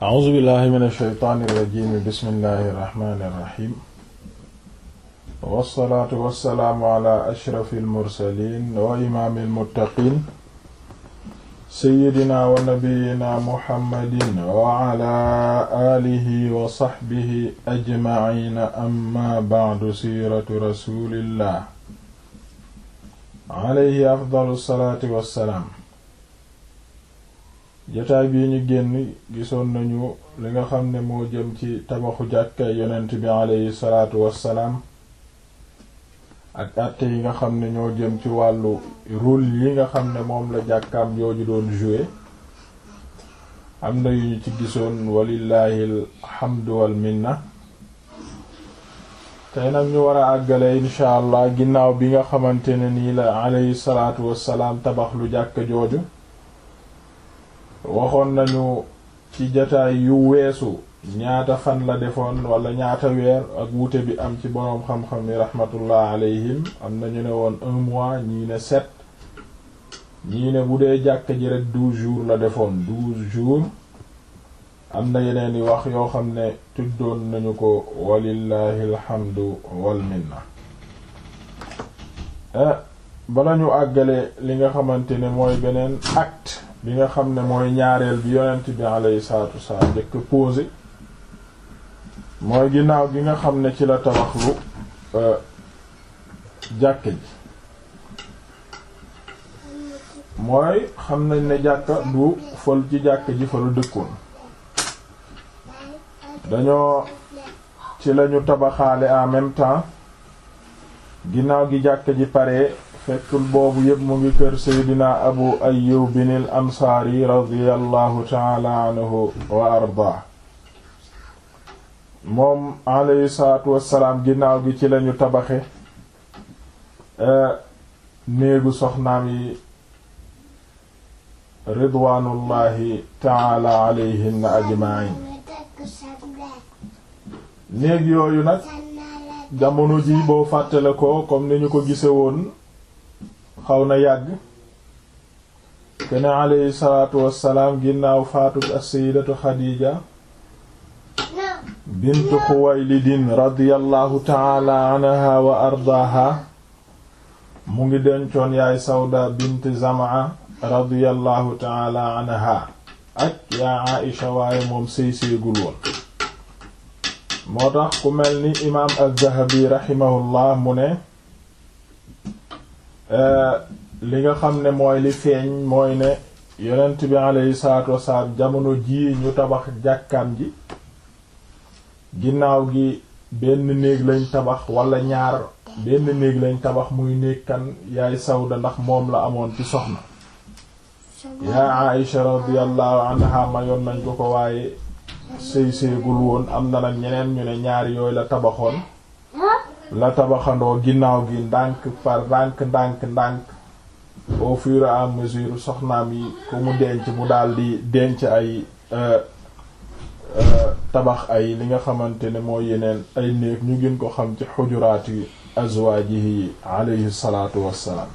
a'uuzu billahi min ashaytaani irrajimi bismillahi irrahmani irrahim wassalaatu wassalaamu ala ashrafi almursalin wa imaami almuttaqin sayidina wa nabiyina muhammadin wa ala aalihi wa saxbihi ajmaciina amma bacdu siiratu rasulillah alayhi afdalu salaati wassalaam jotaay bii ñu génn gisoon nañu li nga xam ne moo jëm ci tabaxu jàkkay yonent bi aleyhi salaatu wassalaam ak àtte yi nga xam ne ñoo jëm ci wàllu rôle yi nga xam ne moom la jàkkaam jooju doon jouer am na yu ñu ci gisoon walillahi alhamdu wal minna tey nag ñu war a àggale incha allah ginnaaw bi nga xamante ne nii la aleyhi salaatu wassalaam tabax lu jàkk jooju waxoon nañu ci jataay yu weesu ñaata fan la defoon wala ñaata weer ak wuute bi am ci boroom xam-xam yi rahmatullah alayhim am na ñu ne woon un mois ñii ne sept ñii ne bu dee jàkk ji rek douze jours la defoon douze jours am na yeneen yi wax yoo xam ne tuddoon nañu ko walillahi alhamdu wal minna eh, bala ñu àggale li nga xamante ne mooy beneen acte bi nga xam ne mooy ñaareel bi yonent bi alayhi salaatu wassalaam njëkk posé mooy ginnaaw bi nga xam ne ci la tabax lu euh, jàkke ji mooy xam nañ ne jàkk du fol ci jàkk ji fa lu dëkkoon dañoo ci lañu tabaxaale en même temps ginnaaw gi jàkk ji pare fekkul boobu yépp mu ngi kër seydina abu ayyubin al ansaari radiyallahu taala anhu wa ardaa moom alayhi salaatu wassalaam ginnaaw gi ci lañu tabaxe e, néegu soxnaam yi ridwaanullahi taala alayhinna ajma'in néeg yooyu nag jamono ji boo fàttale ko comme ni ñu ko gise woon xaw na yàgg kena alayhi salaatu wassalaam ginnaaw faatug as-sayyidatu Xadiija bintu Xuwaylidin radiyallahu ta'ala anha wa ardaaha mu ngi dencoon yaay Sawda bint Zam'a radiyallahu ta'ala anha ak yaa Aïsha waaye moom sëy séegul woon moo tax ku mel ni imaam az-Zahabi rahimahullah mu ne Euh, li nga xam ne mooy li feeñ mooy ne yonent bi alayhi salaatu wasalaam jamono jii ñu tabax jàkkaam ji ginnaaw gi benn néeg lañ tabax wala ñaar benn néeg lañ tabax muy néeg kan yaay sawda ndax moom la amoon ci soxna yaa Aïsha radiyallahu anha mayoon nañ ko ko waaye sëy sëygul woon am na nag ñeneen ñu ne ñaar yooyu la tabaxoon la tabaxandoo ginnaaw gi ndànk par ndànk ndànk ndànk au fur et soxnaam yi ku mu denc mu daldi di denc ay euh, euh, tabax ay li nga xamante ne mooy yeneen ay néeg ñu gën ko xam ci xujuraati azwaajihi alayhi salaatu wassalaam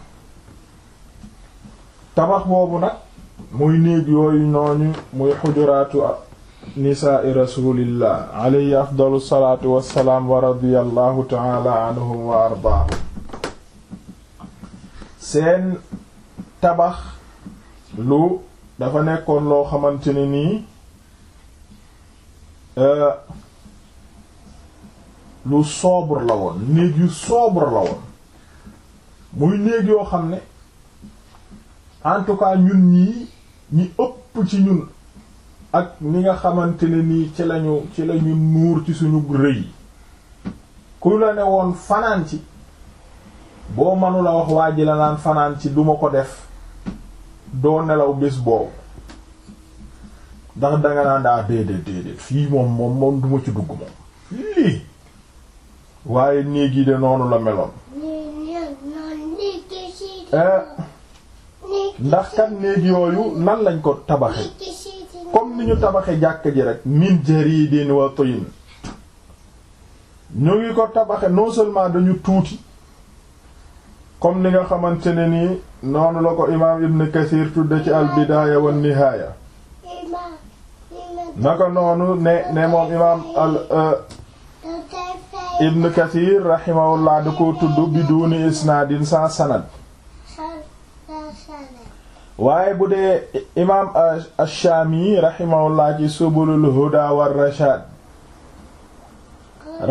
tabax boobu nag muy néeg yooyu noonu muy xujuraatu nisaai rasulillah alayhi afdalu salaatu wassalaam wa radiyallahu taala anhum wa ardaahum seen tabax lu dafa nekkoon loo xamante ne nii euh, lu sobre la woon néeg yu sobre la woon muy néeg yoo xam ne en tout ñun ñii ñi ëpp ci ñun ak ni nga xamante ne nii ci lañu ci lañu nuur ci suñu rëy ku la ne woon fanaan ci boo manula wax waa ji la naan fanaan ci duma ko def doo nelaw bés boobu ndax danga naan daa ah, déedéet déedéet fii moom moom moom duma ci dugg moom waaye néeg yi de noonu la meloon eh, ndax kat néeg yooyu nan lañ ko tabaxe comme ni ñu tabaxe jàkk ji rek min jaridin wa tin ñu ngi ko tabaxe non seulement dañu tuuti comme ni nga xamante ne nii noonu la ko imaam ibn Kathir tudde ci al bidaaya wan nihaaya naka noonu ne ne moom imaam al euh, ibn Kathir rahimahullah da ko tudd biduni isnaadin sans sanad waaye bu dee imaam ash-Shaami rahimahullah ci subulul huda war rashaad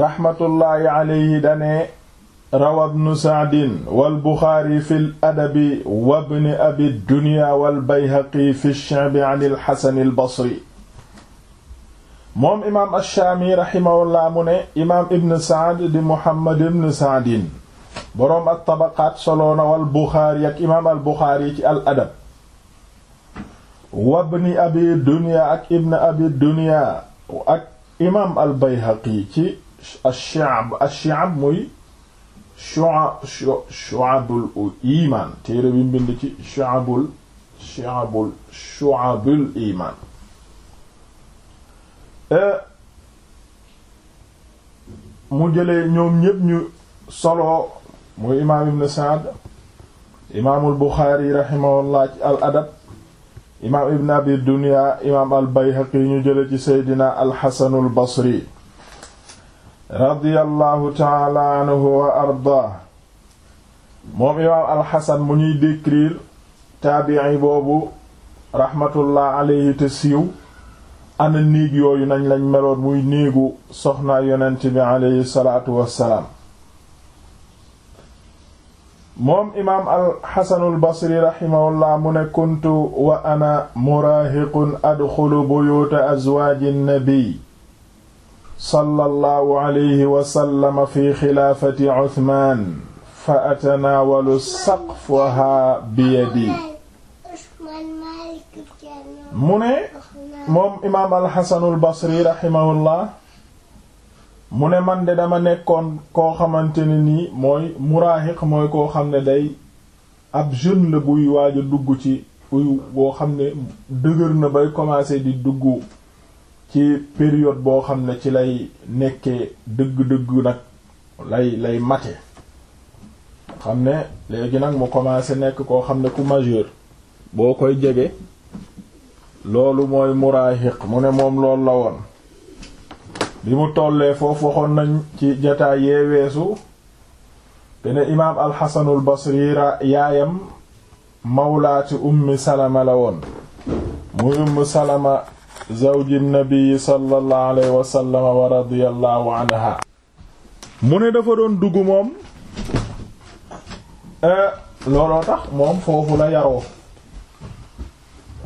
rahmatullahi alayhi dane rawa ibnu Sa'din wal Buxaari fil adabi wa ibnu abi dunya wal Bayhaqi fi ash-Shu'bi an al-Hasan al-Basri moom imaam ash-Shaami rahimahullah mu ne imaam ibn Sa'd di Muhammad ibn Sa'din boroom at-Tabaqaat soloona wal Buxaari ak imaam al Buxaari ci al adab wabni abi dunya ak ibn abi dunya ak imaam al bayhaqi ci ash-shi'ab ash-shi'ab muy shu'abul iman téere bi mbind ci shu'abul shu'abul shu'abul iman e, mu jëlee ñoom ñépp ñu solo muy imaam ibn Sa'd imaamul Buxaari rahimahullah ci al adab imaam ibn abi dunya imaam al bayhaqi ñu jële ci seydina al xasanul basri radiyallahu taala anhu wa ardaa moom imaam al xasan mu ñuy décrire taabii boobu raxmatullah alayhi te siiw ana néeg yooyu nañ lañ meloon muy néegu soxna yonent bi alayhi salaatu wassalaam moom imaam alxasanul basri raximahullah mu ne kuntu wa ana muraahiqun adxulu buyuuta azwaaji nnabiy sallallahu alayhi wa sallam fi xilaafati usmaan fa atanaawalu saqfahaa biyadi mu ne moom imaam alxasanul basri raximahullah mu ne man de dama nekkoon koo xamante ne nii mooy muraahiq mooy koo xam ne day ab jeune la buy waaja dugg ci buy boo xam ne dëgër na bay commencer di dugg ci période boo xam ne ci lay nekkee dëgg-dëgg nag lay lay mate xam ne léegi nag mu commencer nekk koo xam ne ku majeur boo koy jege loolu mooy muraahiq mu ne moom loolu la woon bi mu tollee foofu waxoon ci jataay yee weesu te ne imaam alxasanul basri yaayam mawlaati ummi salama la woon muy ummi salama zawji nabi sallallahu wa radiyallahu anha mu ne dafa doon dugg moom e, looloo tax moom foofu la yaroo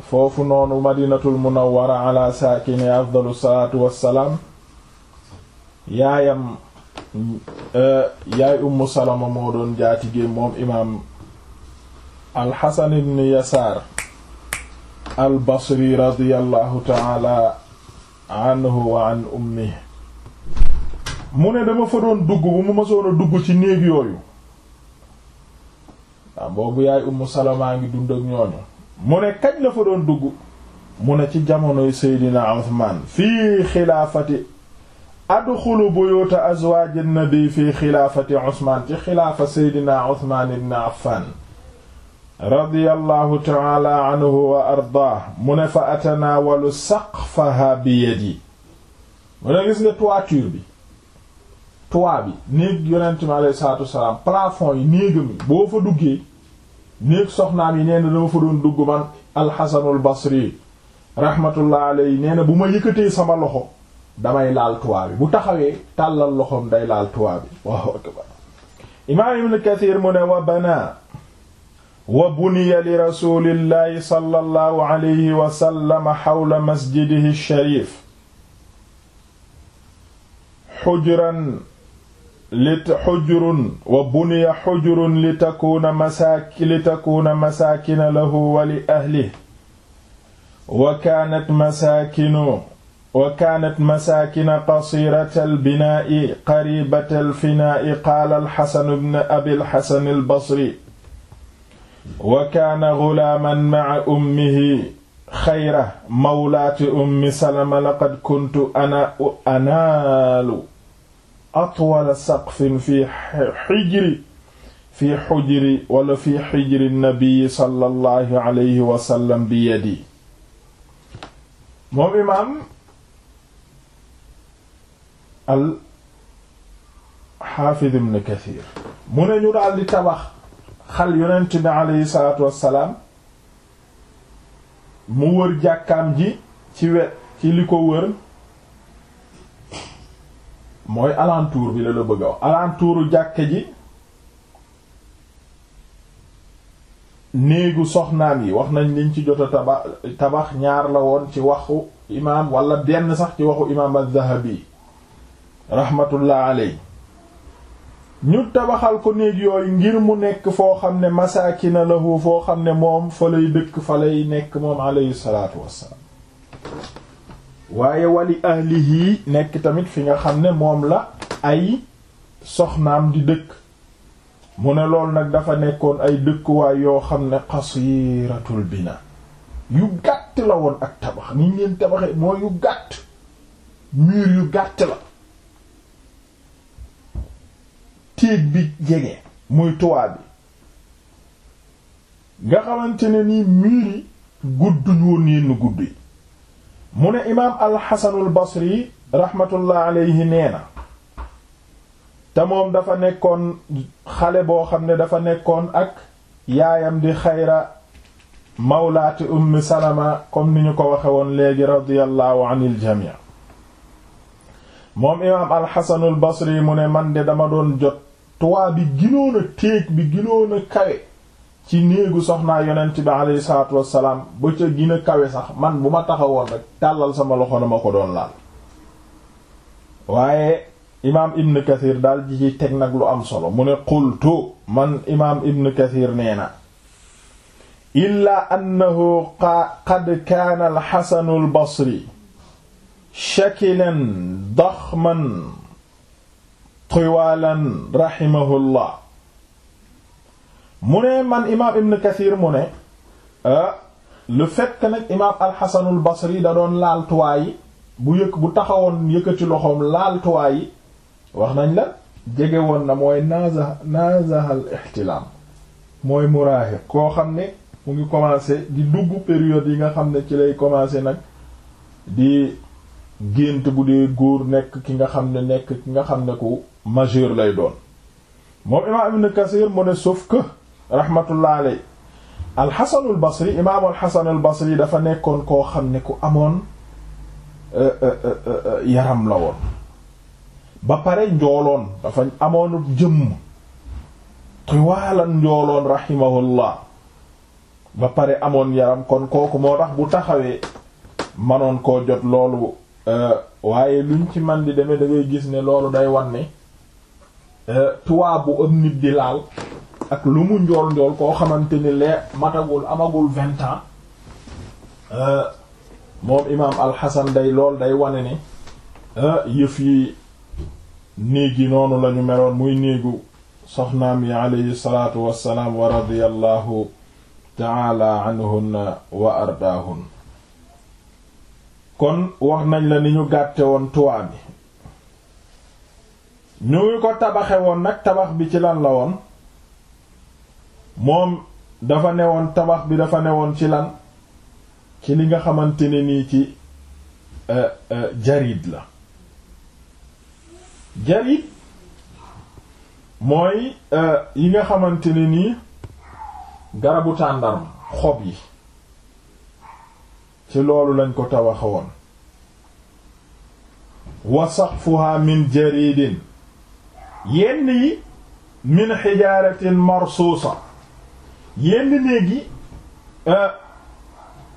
foofu noonu madinatul munawwara ala saakini afdalu salaatu wassalaam yaayam euh, yaay ummu salama moo doon jaatigéem moom imaam alxasan ibn yasaar al basri radiyallahu taala anhu wa an ummi mu ne dama fa doon dugg bu mu mësoon dugg ci néeg yooyu waaw boobu yaay ummu salamaa ngi dund ñooñu mu ne kañ la fa doon dugg mu ne ci jamonoy seydina Usmaan fii xilaafati adxulu buyuuta azwaaj an-nabi fi xilaafati Usmaan ci xilaafa seydina Usmaan ibn Affaan radiyallahu ta'ala anhu wa ardaah mu ne fa atanaawalu saqfaha bi yadi mu ne gis nga toiture bi toit bi néeg yonent mi yi néegam yi boo fa duggee néeg soxnaam yi nee na fa doon dugg man alxasanul basri rahmatullah alayhi nee na bu ma yëkkatee sama loxo damay laal toit bi bu taxawee tàllal loxoom day laal toit bi waaw akbar imaam ibn kathir mu ne wa bana wa buniya li rasulillahi sallallahu alayhi wa sallam xawla masjidihi sharif xujran li xujrun wa buniya xujrun li takuuna masaak li takuuna masaakina lahu wa li ahlihi wa kaanat masaakinu wa kaanat masaakina qasiirata albinaa'i qariibata alfinaa'i qaala alxasan bn abi alxasan albasri wa kaana gulaaman maca ummihi xayra mawlaati ummi salama laqad kuntu ana anaalu atwala saqfin fi xijri fi xujri wala fi xijri nabiyi sallallahu alayhi wa sallam bi yadi moom imaam al xaafid ibn kathir mu ne ñu daal di tabax xal yonent bi aleyhi salaatu wassalaam ji ci li ko wër mooy alentour bi la la bëgg a wax alentouru jàkke ji néegu soxnaam yi wax nañ liñ ci jot a tabax tabax ñaar la woon ci waxu imaam walla benn sax ci waxu imaam az-Zahabi rahmatullah aley ñu tabaxal ko néeg yooyu ngir mu nekk foo xam ne na la foo xam ne moom fa lay dëkk fa lay nekk moom aleyhi salaatu wassalaam waaye wali ahlihi nekk tamit fi nga xam ne moom la ay soxnaam di dëkk mu ne lool nag dafa nekkoon ay dëkkuwaay yoo xam ne xasiratul bina yu gàtt la woon ak tabax niñ leen tabaxee mooy yu gàtt mur yu gàtt la téeg bi jege muy tuwaa nga xamante ne ni miir yi gudduñ woon yenn gudd yi mu ne imaam alxasanul basri rahmatullah aleyhi nee na te moom dafa nekkoon xale boo xam ne dafa nekkoon ak yaayam di xayra mawlaati ummi salama comme ni ñu ko waxe woon léegi radiyallahu anil jamii moom imaam alxasanul basri mu ne man de dama doon jot toit bi ginoon a téeg bi ginoon kawe ci néegu soxnaa yonent bi alayhi salaatu wassalaam ba ca gën kawe sax man bu ma taxawoon rek tàllal sama loxo dama ko doon laal waaye imaam ibn kathir daal ji ci teg nag lu am solo mu ne qultu man imaam ibn kathir nee na illaa annahu qad kaana alxasanul basri shakilan daxman tiwaalan raximahullah mu ne man imaam ibn kathir mu ne ah, le fait que nag imaam alxasanul basri da doon laal yi bu yëkk bu taxawoon yëkkati loxoom laal tuwaa yi wax nañ la jege woon na mooy naaza naazahal ixtilaam mooy muraahiq koo xam ne mu ngi commencé di dugg période yi nga xam ne ci lay commencé nag di gént bu dee góor nekk ki nga xam ne nekk ki nga xam ne ku majeur lay doon moom imaam ibn Kasir mu ne sauf que rahmatullah aley alxasan al basri imaam alxasan dafa nekkoon koo xam ne ku amoon euh, euh, euh, yaram la woon ba pare njooloon dafa amoon jëmm tiwaalan njooloon rahimahullah ba pare amoon yaram kon kooku moo tax bu taxawee manoon koo jot loolu Euh, waaye luñ ci man di demee da gis ni loolu day wan ne euh, tuwaa bu nit di laal ak lu mu njool njool koo xamante ni lee matagul amagul vingt ans euh, moom imaam alxasan day lool day wane ni yëf yi néeg yi noonu lañu meloon muy néegu soxnaam yi aleyhi salaatu wassalaam wa radiyallahu taala anhunna wa ardaahun kon wax nañ la ni ñu gàtte woon tuwaa bi ñu ngi ko tabaxe woon nag tabax bi ci lan la woon moom dafa woon tabax bi dafa newoon ci lan ci li nga xamante ne nii ci euh, euh, jarid la jarid mooy euh, yi nga xamante ne nii garabu tàndarma xob yi ci loolu lañ ko tawaxa woon wa saqfuha min jaridin yenn yi min xijaaratin marsuusa yenn néegi euh,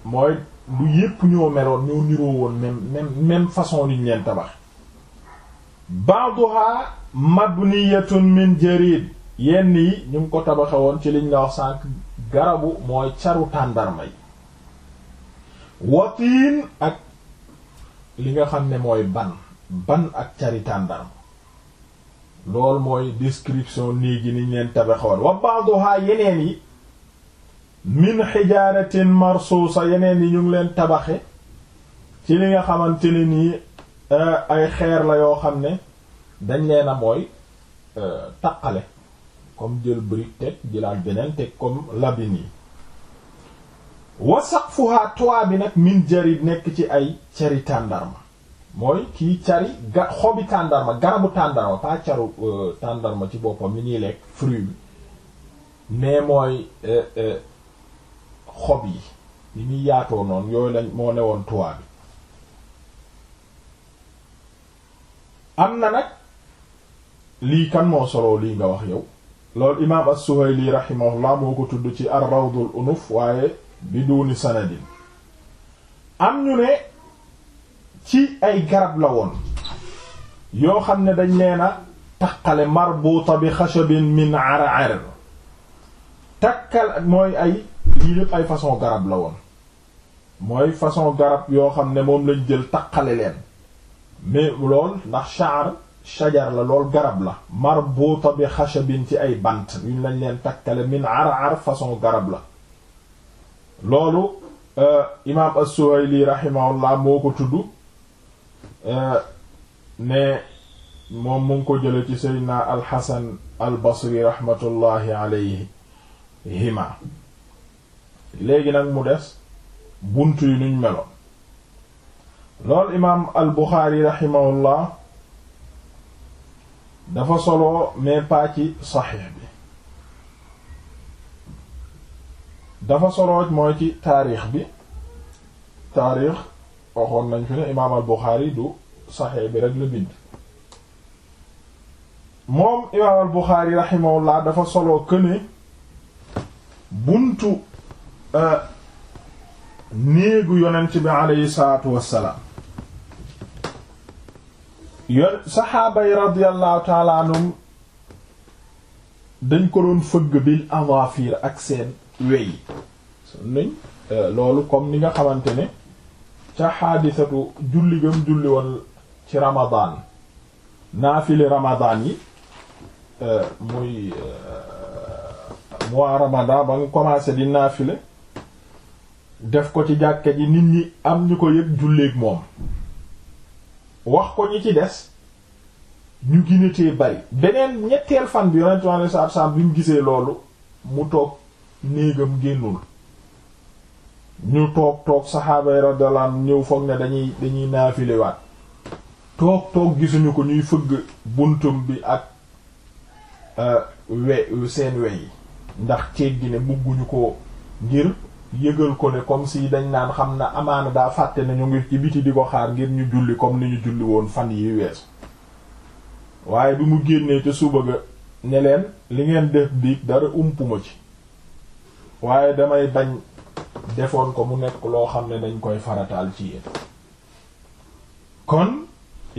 mooy du yépp ñoo meloon ñoo niroo woon même même façon liñ leen tabax ba'duha mabniyatun min jarid yenn yi ñu ngi ko tabaxe woon ci liñ la wax sànq garabu mooy caru tàndarma watiin ak li nga xam ne mooy ban ban ak caritan tàndarma loolu mooy description néegi niñ leen tabaxoon wa ba'daha yeneen yi min xijaaratin marsuusa yeneen yi ñu ngi leen tabaxi ci li nga xamante ni nii euh, ay xeer la yoo xam ne dañ leen a mooy euh, taqale comme jël brique teg jëlaat beneen teg comme labin yi wa saqfuha toit bi nag min jarid nekk ci ay cari tàndarma mooy kii cari ga xobi tàndarma garabu tàndarma pas caru euh, tàndarma ci boppam mi ñuy lekk fruit bi mais mooy euh, euh, xob yi ni ñuy yaatoo noon yooyu lañ moo newoon toit am na nag lii kan moo solo lii nga wax yow loolu imaam as-Suhayli rahimahullah moo ko tudd ci ar-Rawdul Unuf waaye biduni sanadin am ñu ne ci ay garab la woon yoo xam ne dañ nee na taqale marbuta bi xashabin min ar'ar takkal mooy ay lii lépp ay façon garab la woon mooy façon garab yoo xam ne moom lañ jël taqale leen mais lool ndax sha'r shajar la lool garab la marbuta bi xashabin ci ay bant yuñ lañ leen takkale min ar'ar façon garab la loolu euh, imaam as-Suhayli rahimahullah moo ko tudd euh, ne moom mu ngi ko jële ci seydna al-Hasan al-Basri rahmatullahi alayhima léegi nag mu des bunt yi nuñ meloon loolu imaam al-Buxaari rahimahullah dafa solo mais pas ci saxiix dafa solooj mooy ci taarix bi taarix waxoon nañ fi ne imaam al Buxaari du saxee bi rek la bind moom imaam al Buxaari raximahullah dafa solo këne buntu euh, néegu yonent bi aleyhi salaatu wassalaam yon saxaaba yi radiyallahu taala anhum dañ ko doon fëgg bil awaafir ak seen wey nañ euh, loolu comme ni nga xamante ne ca xaadisatu julli gam julli woon ci ramadaan naafili ramadaan yi euh, muy euh, mois ramadaan ba nga commencé di naafile def ko ci jàkka ji nit ñi am ñu ko yëg julleek moom wax ko ñi ci des ñu ginatee bari beneen ñetteel fan bi yonentu Yàlla sallallahu bi mu gisee loolu mu toog néegam génnul ñu toog toog saxaaba yi ñëw foog ne dañuy dañuy naafilewaat toog toog gisuñu ko ñuy fëgg buntum bi ak euh, we seen we yi ndax ceeg gi ne bugguñu ko ngir yëgal ko ne comme si dañ naan xam na amaana daa fàtte nañu ngir ngi ci biti di ko xaar ngir ñu julli comme ni ñu julli woon fan yi weesu waaye bi mu génnee ca suba ga ne leen li ngeen def biig dara umpuma ci waaye damay bañ defoon ko mu nekk loo xam ne dañ koy farataal ci yéen kon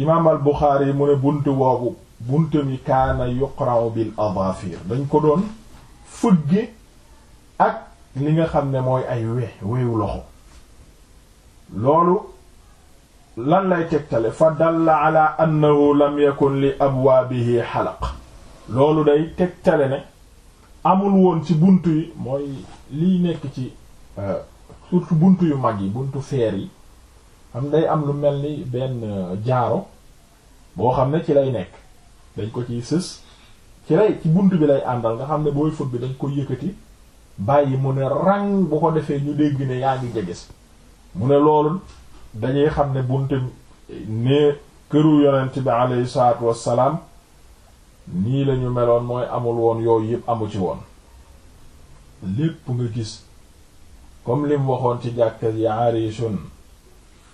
imaam al Buxaari mu ne buntu boobu buntu mi kaana yuqra'u bil adafir dañ ko doon gi ak li nga xam ne mooy ay we wewu loxo loolu lan lay tegtale fa dalla ala annahu lam yakun li abwaabihi xalaq loolu day tegtale ne amul woon ci bunt yi mooy liy nekk ci euh, surtout bunt yu mag yi buntu feer yi am day am lu mel ni benn euh, jaaro boo xam ne ci lay nekk dañ ko ciy sës ci lay ci bunt bi lay àndal nga xam ne booy fët bi dañ ko yëkkati bàyyi mu ne rang bu ko defee ñu dégg ne yaa ngi jeges mu ne loolu dañuy xam ne bunt ne këru yonent bi aleyhi salaatu wassalaam nii lañu meloon mooy amul woon yooyu yëpp amu ci woon lépp nga gis comme lim waxoon ci jàkka yi arishun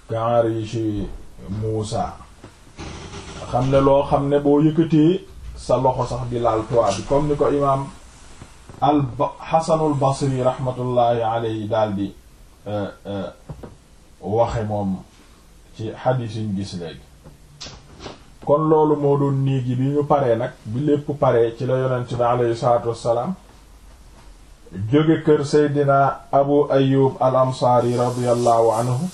ka arishi Muusa xam ne loo xam ne boo yëkkatee sa loxo sax di laal toit bi comme ni ko imaam al Hasanul Basri rahmatullahi alayhi daal di euh, euh, waxe moom ci xadiis yi ñu gis léegi kon loolu moo doon néeg yi bi ñu paree nag bi lépp paree ci la yonent bi alayhi salaatu salaam jóge kër seydina abu ayub al ansaari radiallahu anhu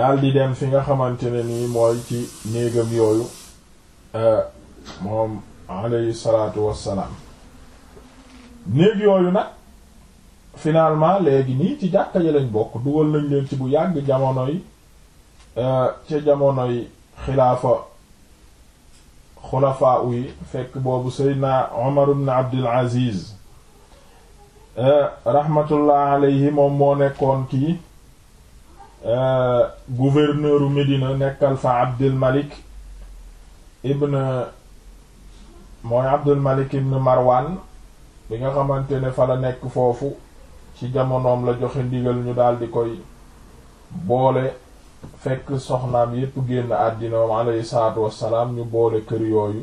daldi dem fi nga xamante ne nii mooy ci néegam yooyu euh, moom alayhi salaatu wassalaam néeg yooyu nag finalement léegi nii ci jàkka ja lañ bokk dugal nañ leen ci bu yàgg jamonoy euh, ca jamonoy xilaafa xulafaa yi fekk boobu seydina umar ibn abdul aziz Eh, rahmatullah alayhi moom moo nekkoon kii eh, gouverneuru Médina nekkal fa Abdul Malik ibn mooy Abdul Malik ibn Marwan bi nga xamante ne fa la nekk foofu ci jamonoom la joxe ndigal ñu daal di koy boole fekk soxnaam yépp génn àddina moom alayhi salaatu wassalaam ñu boole kër yooyu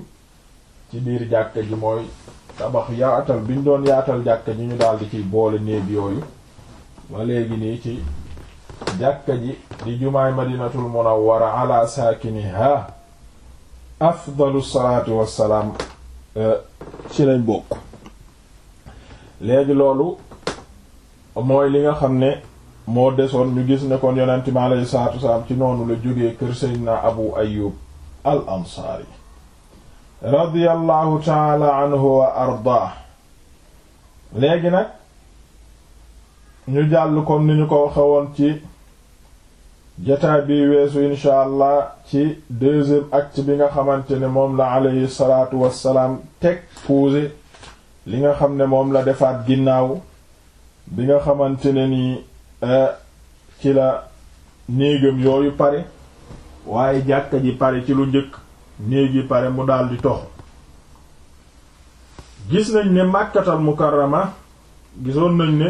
ci biir jàkka ji mooy tabax yaatal bi ñu doon yaatal jàkka ji ñu daldi ci boole néeg yooyu ba léegi nii ci jàkka ji di jumaay madinatul munawwara ala saakiniha afdalu salaatu wassalaam e, ci lañ bokk léegi loolu mooy li nga xam ne moo desoon ñu gis ne kon yonent mi salaatu wassalaam ci noonu la jógee kër Seydina Abu Ayyub al Ansaari radiyallahu taala anhu wa ardaa léegi nag ñu jàll comme ni ñu ko waxe woon ci jataa bi weesu incha allah ci deuxième acte bi nga xamante ne moom la alayhi salaatu wassalaam teg posé li nga xam ne moom la defaat ginnaaw bi nga xamante ne ni eh, ci la néegam yooyu pare waaye jàkka ji pare ci lu njëkk néeg yi pare mu daldi tox gis nañ ne màkkatal mukarrama gisoon nañ ne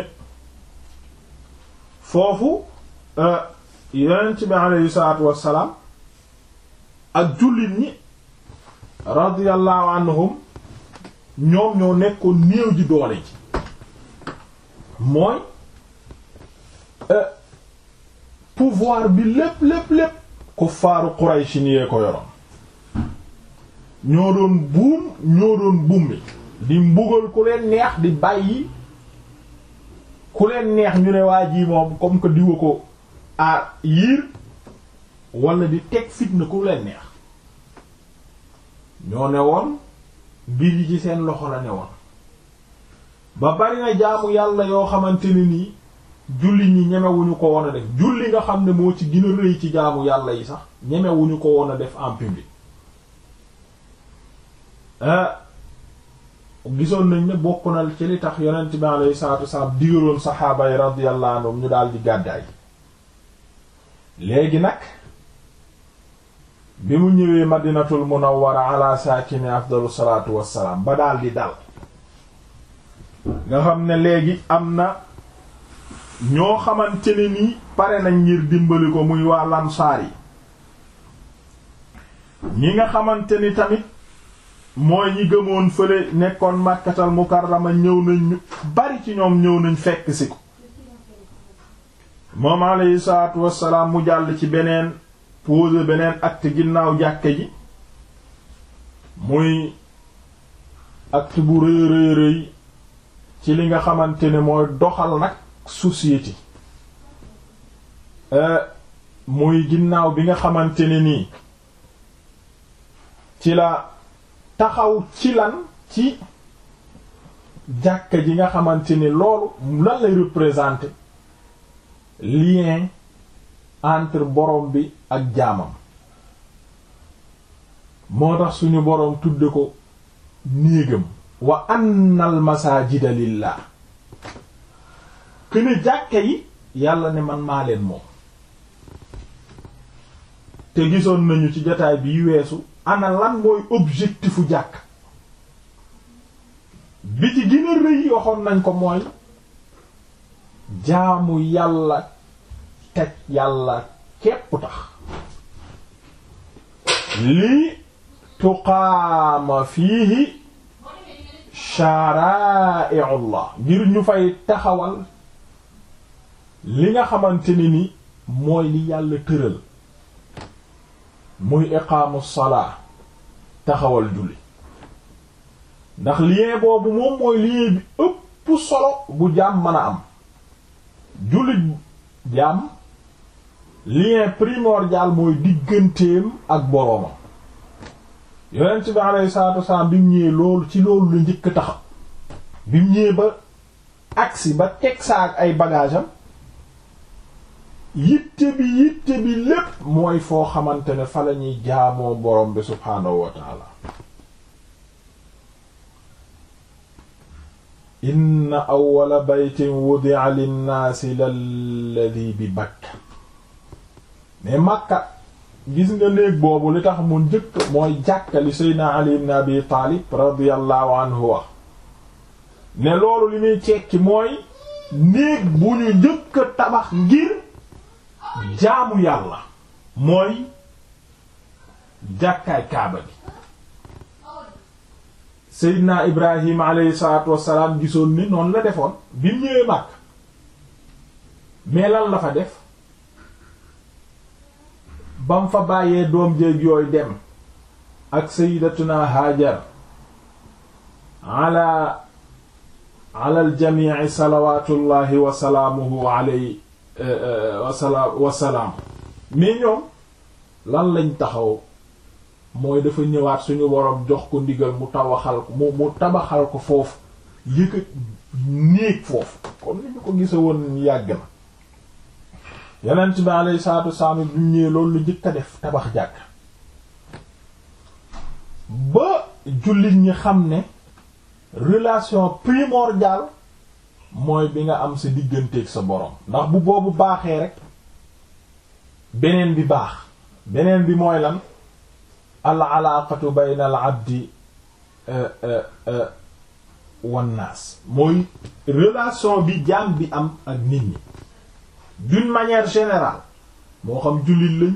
foofu euh, yonent bi aleyhi salaatu wassalaam ak jullit ñi radiyallahu anhum ñoom ñoo nekkoon néew ji doole ji mooy euh, pouvoir bi lépp lépp lépp kuffaaru Quraysh yee ko yoroon ñoo doon buum ñoo doon bummi di mbugal ku leen neex di bàyyi ku leen neex ñu ne waa ji moom comme que diwa ko a yiir wala di teg fitna ku leen neex ñoo ne woon mbir yi ci seen loxo la ne woon ba bari na jaamu yàlla yoo xamante ne nii julli ñi ñemewuñu ko woon a def julli nga xam ne moo ci gën rëy ci jaamu yàlla yi sax ñemewuñu ko woon a def en public Ah, gisoon nañ ne bokk na ci li tax yonent bi alayhi salaatu wasalaam digaloon saxaaba yi radiyallahu anhum ñu daal di gàddaay léegi nag bi mu ñëwee madinatul munawwara ala saakini afdalu salaatu wassalaam ba daal di dal nga xam ne léegi am na ñoo xamante ne nii pare na ngir dimbali ko muy waa lansaar yi ñi nga xamante ni tamit mooy ñi gëmoon fële nekkoon màkkatal mukarrama ñëw nañ ñu ci ñoom ñëw nañ fekk si ko moom alayhi salaatu wassalaam mu jàll ci beneen pose beneen acte ginnaaw jàkke ji muy acte bu rëy rëy rëy ci li nga xamante ne mooy doxal nag société euh, muy ginnaaw bi nga xamante ne nii ci la taxaw ci lan ci jàkka ji nga xamante ni loolu lan lay représenter lien entre borom bi ak jaamam moo tax suñu boroom tudde ko néegam wa annal masajida lillah këne jàkke yi yàlla ne man maa leen moom te gisoon nañu ci jataay bi weesu ana lan mooy objectifu jàkk bi ci gën rëy waxoon nañ ko mooy jaamu yàlla teg yàlla képp tax lii tuqaama fiihi sharaa'illah ngir ñu fay taxawal li nga xamante ne ni mooy li yàlla tëral muy iqaamu salaa taxawal julli ndax lien boobu moom mooy lien bi ëpp solo bu jaam mën a am jullit jaam lien primordial mooy digganteem ak boroomam yonent bi alayhi salaatu wasalaam bi mu ñëwee loolu ci loolu la njëkk taxaw bi mu ñëwee ba agsi ba teg sa ak ay bagaasam yitte bi yitte bi lépp mooy foo xamante ne fa la ñuy jaamoo borom bi subhaanahu wa taala inna awwala baytin wudi'a linnaasi lalladhi bi bakka mais makka gis nga néeg boobu li tax mu njëkk mooy jàkkali seydna ali ibn abi taalib radiyallahu anhu ne loolu li muy cekki mooy néeg bu ñu njëkk tabax ngir jaamu yàlla mooy jàkkaay kaaba bi Seydina Ibrahim aleyhi salaatu wassalaam gisoon ni noonu la defoon bi mu ñëwee Makka mais lan la fa def ba mu fa bàyyee doom jéeg yooyu dem ak Sayyidatuna Hajar ala ala al jamii salawaatullahi wa salaamuhu Euh, euh, wasalaam wasalaam mais ñoom lan lañ taxaw mooy dafa ñëwaat suñu borom jox ko ndigal mu tabaxal ko mu mu tabaxal ko foofu yëkkat néeg foofu comme ni ñu ko gisa woon yàgg na yonent bi alayhi salaatu wasalaam bu ñëwee loolu lu njëkk a def tabax jàkk ba jullit ñi xam ne relation primordiale mooy bi nga am sa digganteeg sa borom ndax bu boobu baaxee rek beneen bi baax beneen bi mooy lan al alaaqatu na al abdi e, e, e, wan naas mooy relation bi jaam bi am ak nit ñi d'une manière générale moo xam jullit lañ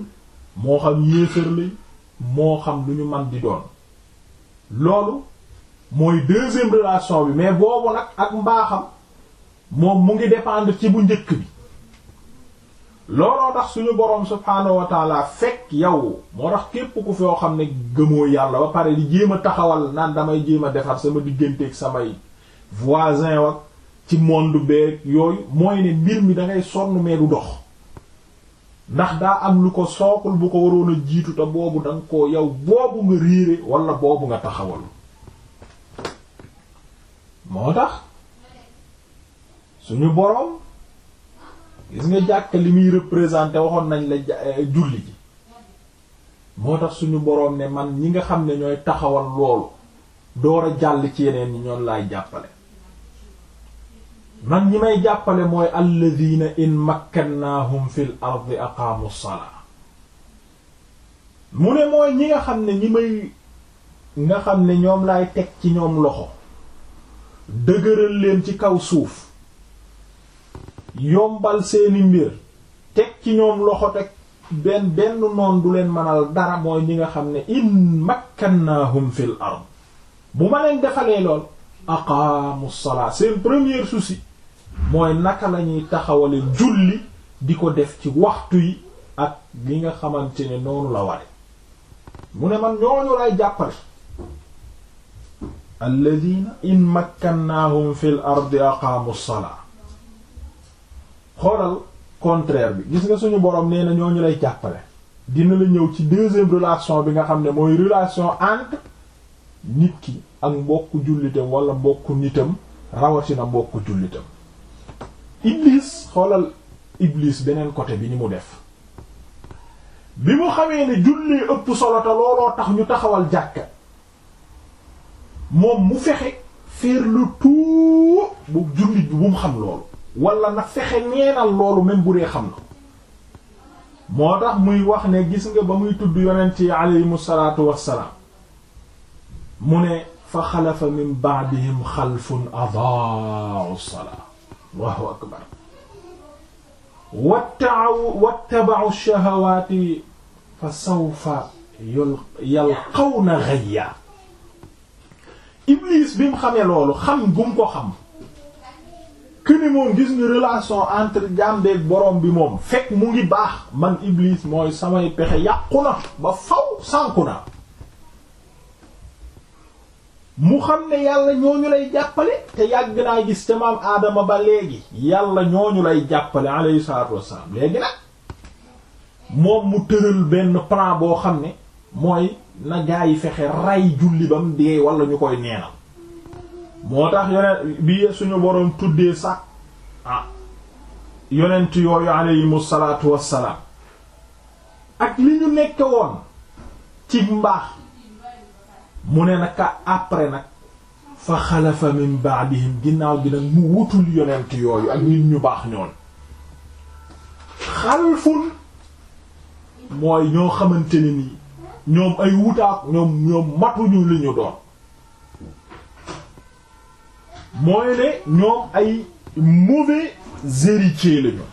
moo xam yéefar lañ moo xam lu ñu man di doon loolu mooy deuxième relation bi mais boobu nag ak mbaaxam moom mu ngi dépendre ci bu njëkk bi looloo tax suñu boroom subhaanahu wa fekk yow moo tax képp ku foo xam ne gëmoo yàlla ba pare di jéem a taxawal naan damay jéem a defar sama digganteeg samay voisin wax ci monde beeg yooyu mooy ne mbir mi da sonn mais du dox ndax daa am lu ko sookul bu ko waroon a jiitu te boobu da koo yow boobu nga réere wala boobu nga taxawal moo tax. suñu boroom gis nga jàkk li muy représenté waxoon nañ la eh, julli ji moo tax suñu boroom ne man ñi nga xam ne ñooy taxawal loolu door a jàll ci yeneen ñi ñoon laay jàppale man ñi may jàppale mooy alladhina in makkannahum fil ardi aqaamu salaa mu ne mooy ñi nga xam ne ñi may nga xam ne ñoom laay teg ci ñoom loxo dëgëral leen ci kaw suuf yombal seeni mbir teg ci ñoom loxo teg benn benn noon du leen mënal dara mooy ñi nga xam ne in makkannahum fil ard bu ma leen defalee lool aqaamu salaa seen premier souci mooy naka lañuy taxawale julli di ko def ci waxtu yi ak li nga xamante ne noonu la ware mu ne man ñooñu lay jàppale alladina in makkannahum fil ard aqaamu salaa xoolal contraire bi gis nga suñu borom nee na ñu lay jàppale dina la ñëw ci deuxième relation bi nga xam ne mooy relation entre nit ki ak mbokku jullitam wala mbokku nitam rawatina mbokku jullitam Iblis xoolal Iblis beneen côté bi ni mu def bi mu xamee ne julli ëpp solo te looloo tax ñu taxawal jàkka moom mu fexe faire lu tout bu jullit bi bu mu xam loolu wala na fexe neenal loolu même bu dee xam na moo tax muy wax ne gis nga ba muy tudd yonent yi aleyhim salaatu wassalaam mu ne fa xalafa min baadihim xalfun adaa'u salaa allahu akbar watta'u wattaba'u shahawaati fa sawfa yalqawna ghayya iblis bi mu xamee loolu xam gum ko xam këni moom gis nga relation entre jaam beek borom bi moom fekk mu ngi baax man Iblis mooy samay pexe yàqu na ba faw sànku na mu xam ne yàlla ñooñu lay jàppale te yàgg naa gis ca maam aadama ba léegi yàlla ñoo ñu lay jàppale alayhi salaatu wassalaam léegi nag moom mu tëral benn plan boo xam ne mooy na gaa yi fexe rey julli ba mu dee wala ñu koy neenal moo tax yonent bi suñu boroom tuddee sax ah yonent yooyu aleyhimu salaatu wassalaam ak li ñu nekk woon ci mbaax mu ne nag après nag fa xalafa min ba'dihim ginnaaw gi nag mu wutul yonent yooyu ak nit ñu baax ñoon xalfun mooy ñoo xamante ni nii ñoom ay wutaak ñoom ñoom matuñu li ñu doon mooy ne ñoom ay mauvais héritiers lañu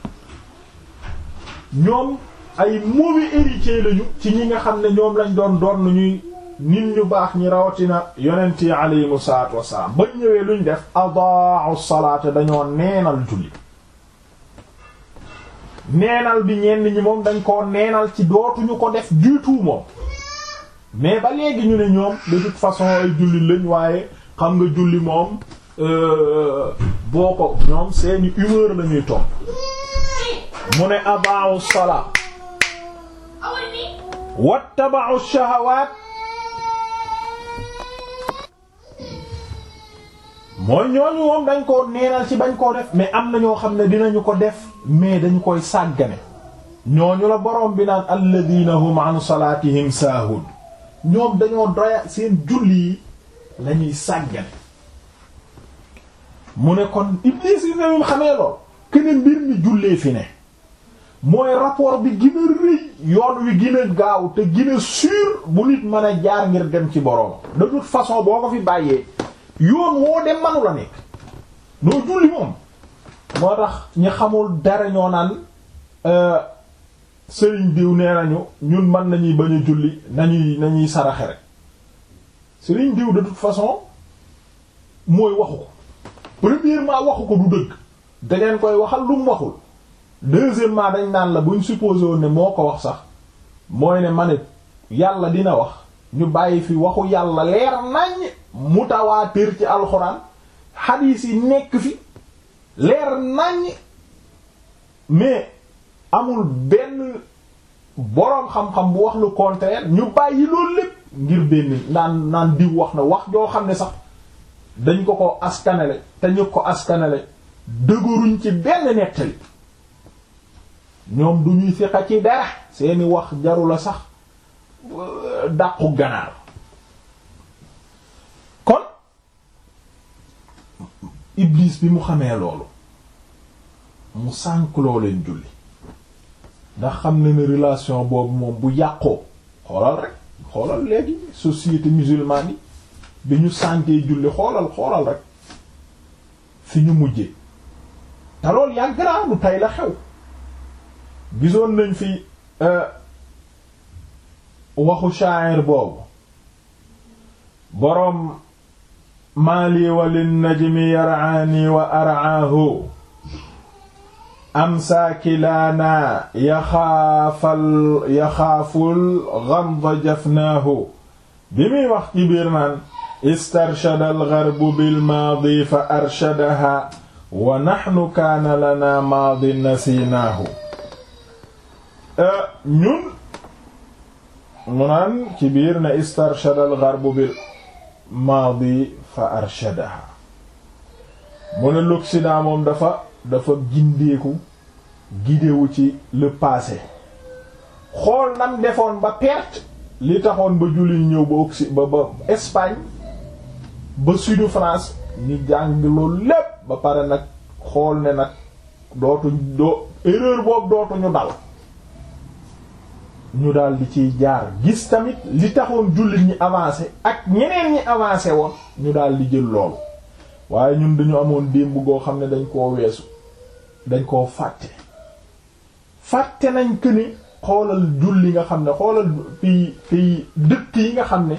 ñoom ay mauvais héritiers lañu ci ñi nga xam ne ñoom lañ doon doon ñuy nit ñu baax ñi rawatina yonent yi aleyhimu salaatu wassalaam ba ñëwee luñ def adaa'u salaata dañoo neenal julli neenal bi ñenn ñi moom dañ koo neenal ci dootuñu ko def du moom mais ba léegi ñu ne ñoom de façon ay julli lañ waaye xam nga julli moom Euh, boo ko ñoom seeni humeur la ñuy topp mu ne aba'u salaa wattaba'u shahawaat mooy ñooñu moom dañ koo neenal ci bañ koo def mais am na ñoo xam ne dinañu ko def mais dañu koy sàggane ñooñu la borom bi naan alladina hum an salaatihim saahun ñoom dañoo doya seen julli yi lañuy sàggane mu ne kon Iblis yi ne xamee lool keneen mbir mi jullee fi ne mooy rapport bi gën rëy yoon wi gën gaaw te gën a bu nit mën a jaar ngir dem ci boroom de façon boo ko fi bàyyee yoon woo dem manu la nekk noo julli moom moo tax ñi xamul dara ñoo naan euh, sëriñ diw nee nañu ñun mën nañuy bañ a julli nañuy nañuy saraxe sëriñ diw de façon mooy waxu ko premièrement waxu ko du dëgg da koy waxal lu mu waxul deuxièmement dañ naan la buñ supposé woon ne moo ko wax sax mooy ne man yàlla dina wax ñu bàyyi fi waxu yàlla leer nañ mutawaatir ci alxuraan xadiis yi nekk fi leer nañ mais amul benn boroom xam-xam bu wax lu contraire ñu bàyyi loolu lépp ngir benn naan naan diw wax na wax joo xam ne sax dañ ko ko askanale te ñu ko askanale dëgëruñ ci benn nettali ñoom du ñuy siqa ci dara seeni wax jaru la sax euh, dàqu ganaar kon iblis bi mu xamee loolu mu sànk loo leen julli ndax xam na ne relation boobu moom bu yàqoo xoolal rek xoolal léegi société musulmane yi bi ñu sànkee julli xoolal xoolal rek fi ñu mujjee te loolu yàgg naa lu tey la xew gisoon nañ fi euh, waxu shaa'ir boobu boroom maali wa lin najmi yar'aani wa ar'aahu amsaa kilaana yaxaafal yaxaaful ghamda jafnaahu bi muy wax ci biir naan istarshada algarbu bilmaadi fa arshadaha wa naxnu kaana lana maadi nasinaahu ñun mu naan ci biir ne istarshada algarbu bilmaadi fa arshadaha mu ne l'Occident moom dafa dafa gindeeku gidewu ci le passé xool nam defoon ba perte li taxoon ba julli ñëw ba Occident ba ba Espagne ba sudu France ñu jàng loolu lépp ba pare nag xool ne nag dootu doo erreur boobu dootuñu dal ñu daal di ciy jaar gis tamit li taxoon jullit ñi avancé ak ñeneen ñi avancé woon ñu daal di jël loolu waaye ñun dañu amoon démb goo xam ne dañ koo weesu dañ koo fàtte fàtte nañ que ni xoolal julli nga xam ne xoolal pays fii dëkk yi nga xam ne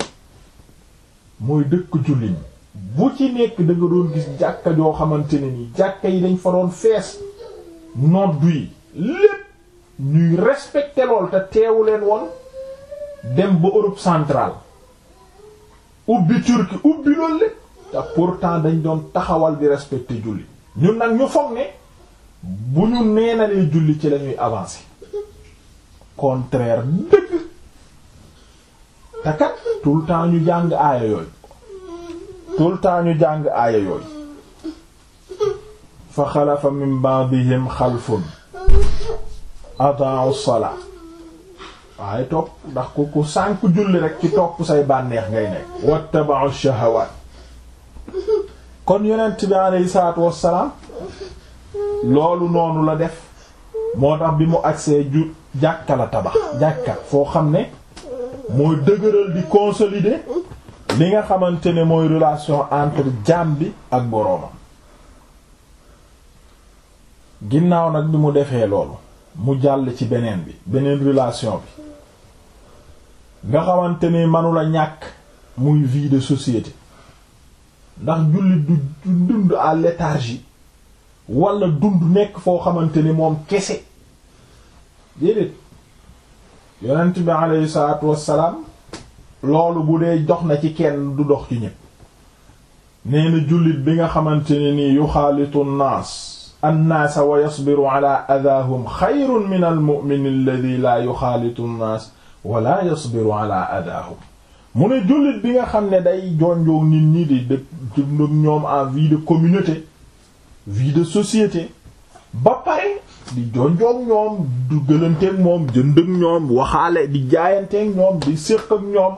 mooy dëkk jullit ñi bu ci nekk danga doon gis jàkka joo xamante ne ni jàkka yi dañ fa doon fees noddu yi lépp ñuy respecté lool te teewu leen woon dem ba Europe centrale ubbi Turquie ubbi loolu lépp te pourtant dañ doom taxawal di respecté julli ñun nag ñu foog ne bu ñu neenalee julli ci lañuy avancer contraire dëgg te kat tout le temps ñu jàng aaya yooyu tout le ñu jàng aaya yooyu fa xalafa min ba'dihim xalfun adaa'u salaa waaye topp ndax ku ku sànk julli rek ci topp say bànneex ngay nekk wattaba'u shahawaat kon yonent bi alayhi salaatu wassalaam loolu noonu la def moo tax bi mu agsee ju jàkka la tabax jàkka foo xam ne mooy dëgëral di consolider li nga xamante ne mooy relation entre jaam bi ak boroomam ginnaaw nag bi mu defee loolu mu jàll ci beneen bi beneen relation bi nga xamante ne manula ñàkk muy vie de société ndax jullit du dund à léthargie walla dund nekk foo xamante ni moom kese déedéet yonent bi aleyhi salaatu wassalaam loolu bu dee dox na ci kenn du dox ci ñépp nee na jullit bi nga xamante ne nii yuxaalitu nnaas annaasa wa yasbiru ala adaahum xayrun min almu'min alladi laa yuxaalitu nnaas wala yasbiru ala adaahum mu ne jullit bi nga xam ne day jonjoog nit ñi di dëp dundug ñoom en vie de communauté vie de société ba pare di jonjoog ñoom du gëlanteeg moom jëndëg ñoom waxaale di jaayanteeg ñoom di séq ak ñoom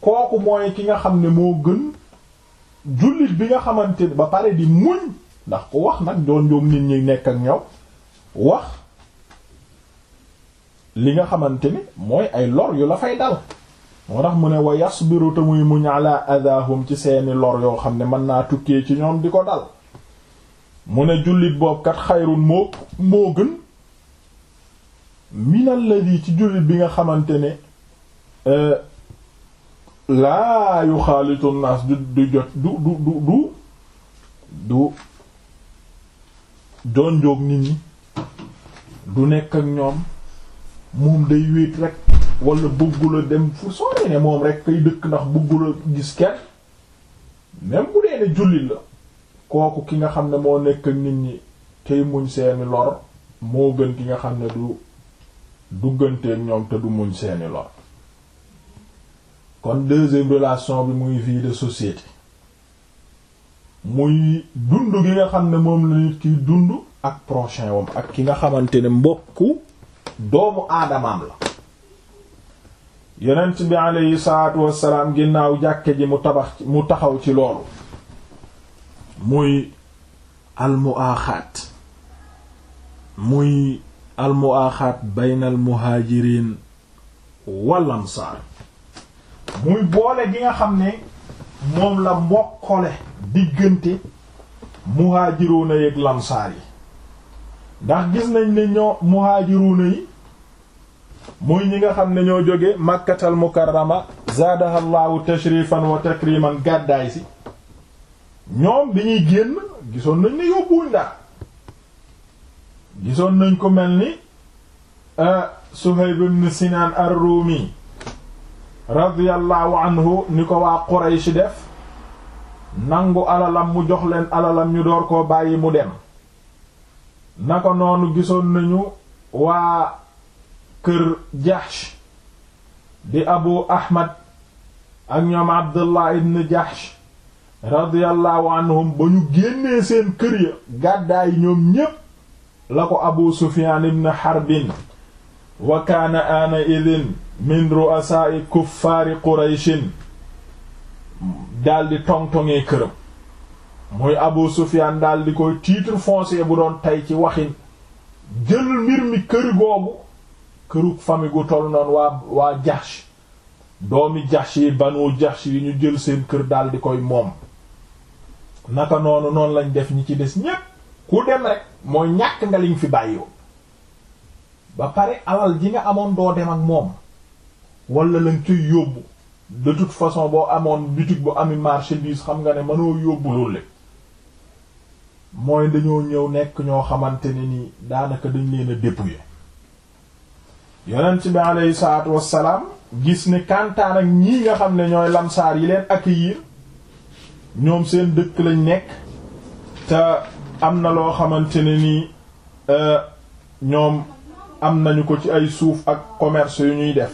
kooku mooy ki nga xam ne moo gën jullit bi nga xamante ba pare di muñ ndax ku wax nag jonjoog nit ñi nekk ak ñoom wax li nga xamante ni mooy ay lor yu la fay dal moo tax mu ne wa yasbiru te muy muñ ala adahum ci seeni lor yoo xam ne mën naa tukkee ci ñoom di ko dal mu ne jullit boobu kat moo moo gën min alladhi ci jullit bi nga xamante ne euh, laa yuxaalitu naas du du du du du du nit ñi du nekk ak ñoom moom day wéet rek wala bëggula dem fu sori ne moom rek kay dëkk ndax bëggula gis kenn même bu dee ne jullit la kooku ki nga xam ne moo nekk nit ñi tey muñ seeni lor moo gën ki nga xam ne du dugganteeg ñoom te du muñ seeni lor kon deuxième relation bi muy vie de société muy dund gi nga xam ne moom la nit kiy dund ak prochain wam ak ki nga xamante ne mbokku doomu aadamaam la yonent bi aleyhi salaatu wassalaam ginnaaw jàkke ji mu tabax mu taxaw ci loolu muy almuaaxaat muy almuaaxaat bayna almuhaajiriin wal ansaar muy boole gi nga xam ne moom la mokkole diggante muhaajiruuna yeeg lansaar yi ndax gis nañ ne ñoo muhaajiruuna yi muy ñi nga xam ne ñoo jóge màkkatal mukarrama zaadahallahu tashrifan wa takriman gàddaay si ñoom bi ñuy génn gisoon nañ ne yóbbuwuñ dara gisoon nañ ko mel ni euh, Suhayb ibn Sinan ar-Rumi radiyallahu anhu ni ko waa Quraysh def nangu alalam mu jox leen alalam ñu door koo bàyyi mu dem naka noonu gisoon nañu waa kër Jahsh di Abu Ahmad ak ñoom Abdullah ibn Jahsh radiyallahu anhum ba ñu génnee seen kër ya gàddaay ñoom ñépp la ko abu sufyan ibn harbin wa kaana aana idin min ru'asa'i kuffaari qurayshin daldi tong-tongee këram muy abu sufyan daldi koy titre foncier bu doon tey ci waxin jël mbir mi kër googu kërug fami gu toll waa waa doomi jaxsh yi banu jaxsh yi ñu jël seen kër daldi koy moom naka noonu noonu lañ def ñi ci des ñépp ku dem rek mooy ñàkk nga liñ fi bàyyiwoo ba pare alal ji nga amoon doo dem ak moom wala lañ ciy yóbbu de façon boo amoon boutique bu ami marchandise xam nga ne mënoo yóbbu loolu lépp mooy dañoo ñëw nekk ñoo xamante ne ni daanaka dañ leen a dépouiller yonent bi aleyhi salaatu wassalaam gis ni kantaan ak ñii nga xam ne ñooy lamsaar yi leen accueillir ñoom seen dëkk lañ nekk te am na loo xamante ne nii euh, ñoom am nañu ko ci ay suuf ak commerce yu ñuy def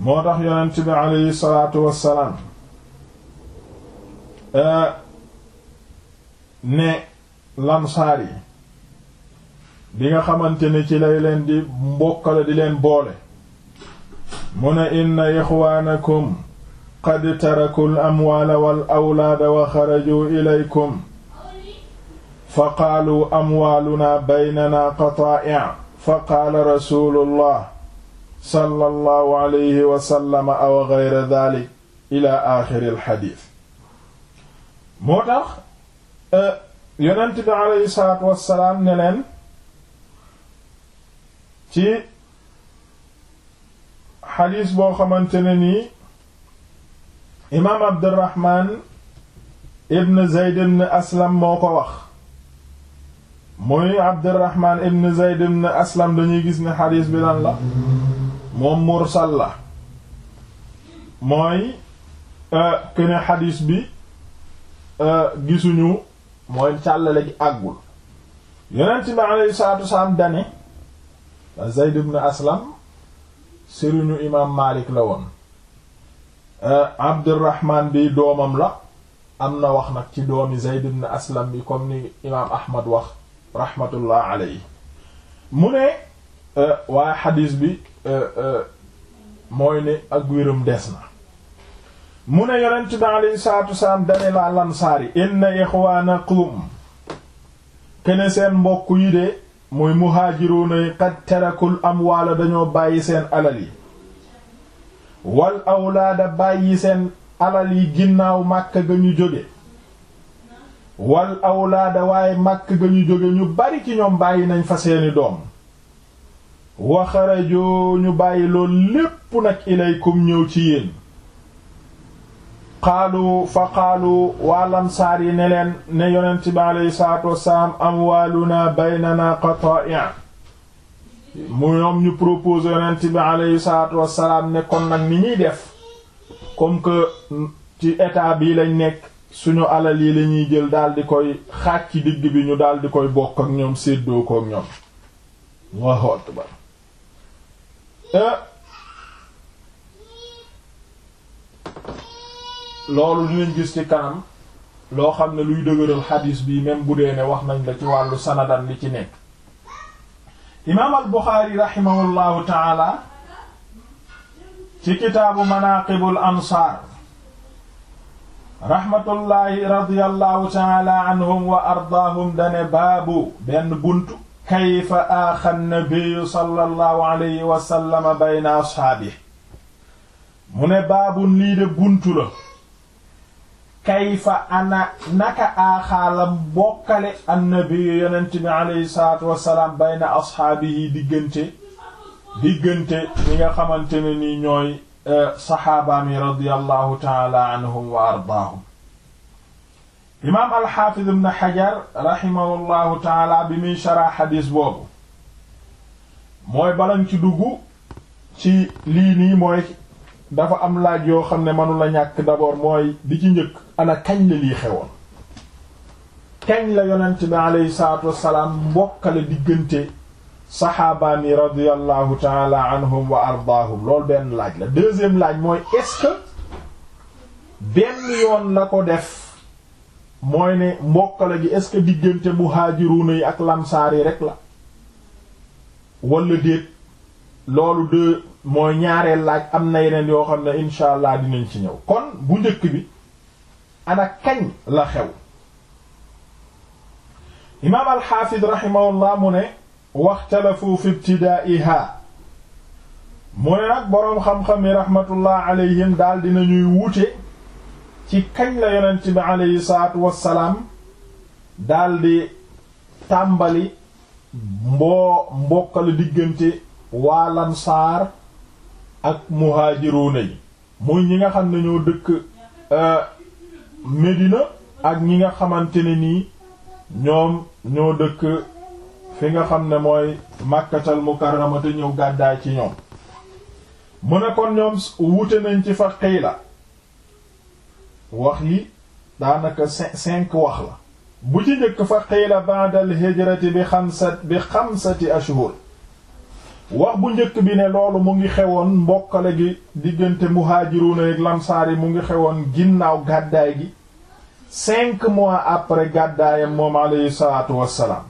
moo tax yonent bi aleyhi salaatu wassalaam euh, ne lansaar yi bi nga xamante ne ci lay leen di mbokkale di leen boole mu ne inna ixwaanakum qad taraku al-amwaala wal-awlaada wa xarajuu ilaykum fa qaaluu amwaalunaa baynanaa qataa'i' fa qaala rasuulullah sallallahu alayhi wa sallam aw ghayra dhaalika ilaa aaxiri al-hadiis moo tax euh, yonent bi alayhi salaatu wassalaam ne leen ci xadiis boo xamante ne nii imaam abdirahman ibn zeyd ibn aslam moo ko wax muy abdirahman ibn zeyd ibn aslam dañuy gis ne xadiis bi lan la moom mursal la mooy kene euh, xadiis bi euh, gisuñu mooy càllale gi àggul yonent bi zeyd ibn aslam sëriñu imaam maalik la woon Euh, Abdurrahman bi doomam la am na wax nag ci doomi Zayd ibn Aslam bi comme ni imaam Ahmad wax rahmatullah alayhi mu ne euh, waaye xadiis bi euh, mooy ne ak wéram des na mu ne yonent bi alayhi salaatu wasalaam dane la lansaari inna ixwaanakum kene seen mbokk yi de muy muhaajiruuna qad tarakul amwaala dañoo bàyyi seen alal yi wal awlaada bàyyi seen alal yi ginnaaw màkk ga ñu jóge wal awlaada waaye màkk ga ñu jóge ñu bari ci ñoom bàyyi nañ fa seeni doom waxarajoo ñu bàyyi loolu lépp nag ilaykum ñëw ci yéen xaalu fa xaalu waalamsaar yi ne leen ne yonent bi aleyhi salaatu wassalaam amwaaluna baynana qata'i' mu ñoom ñu proposé yonent bi aleyhi salaatu wassalaam nekkoon nag ni ñuy def comme que ci état bii lañ nekk suñu alal yi la ñuy jël daal di koy xaaj digg bi ñu daal di koy bokk ak ñoom séddoo ko ak ñoom waaw ba eh, loolu dinañ gis ci kanam loo xam ne luy dëgëral xadiis bi même bu dee ne wax nañ la ci wàllu sanadan li ci nekk imaam al-Buxaari rahimahullahu taala ci kitaabu manaqibul ansaar rahmatullahi radiyallahu taala anhum wa ardaahum dane baabu benn bunt kayfa aaxa nabiyu sallallahu alayhi wa sallam bayna ashaabihi mu ne baabu lii de buntu la kayfa ana naka aaxaalam bokkale annabi yonent bi aleyhi salaatu wassalaam bayna asxaabihi diggante diggante ñi nga xamante ne ni ñooy e, saxaabaami radiyallahu taala anhum wa ardaahum imaam alxaafiz ibn xajar raximahullahu taala bi muy shara xadiis boobu mooy balan ci dugg ci lii nii mooy dafa am laaj yoo xam ne mënu la ñàkk d'abord mooy di ci njëkk ana kañ la lii xewoon kañ la yonent bi aleyhi salaatu wassalaam mbokkale diggante saxaabaan yi radiyallahu taala anhum wa ardaahum lool benn laaj la deuxième laaj mooy est-ce benn yoon la ko def mooy ne mbokkale gi est-ce que diggante muhaajiruuna yi ak lamsaar yi rek la wala déet loolu de mooy ñaareel laaj am na yeneen yoo xam ne incha allah dinañ ci ñëw kon bu njëkk bi ana kañ la xew imaam alxaafid rahimahullah mu ne waxtalafu fi ibtidaa'iha mu ne nag boroom xam-xam yi rahmatullah alayhim daal dina ñuy wuute ci kañ la yonent bi alayhi salaatu wassalaam daal di tàmbali mboo mbokkale diggante waa lansaar ak muhaajiruuna yi muy ñi nga xam ne ñoo dëkk euh, Medina ak ñi nga xamante ne nii ñoom ñoo dëkk fi nga xam ne mooy Makkatal Mukarrama te ñëw gàddaay ci ñoom mu ne kon ñoom wute nañ ci fa xiila wax yi daanaka cinq wax la bu ci njëkk fa xiila ba'dal hijrati bi xamsat bi xamsati ashhur wax bu njëkk bi ne loolu mu ngi xewoon mbokkale gi diggante muhaajiruuna ak lamsaar yi mu ngi xewoon ginnaaw gàddaay gi cinq mois après gàddaayam moom aleyhi salaatu wassalaam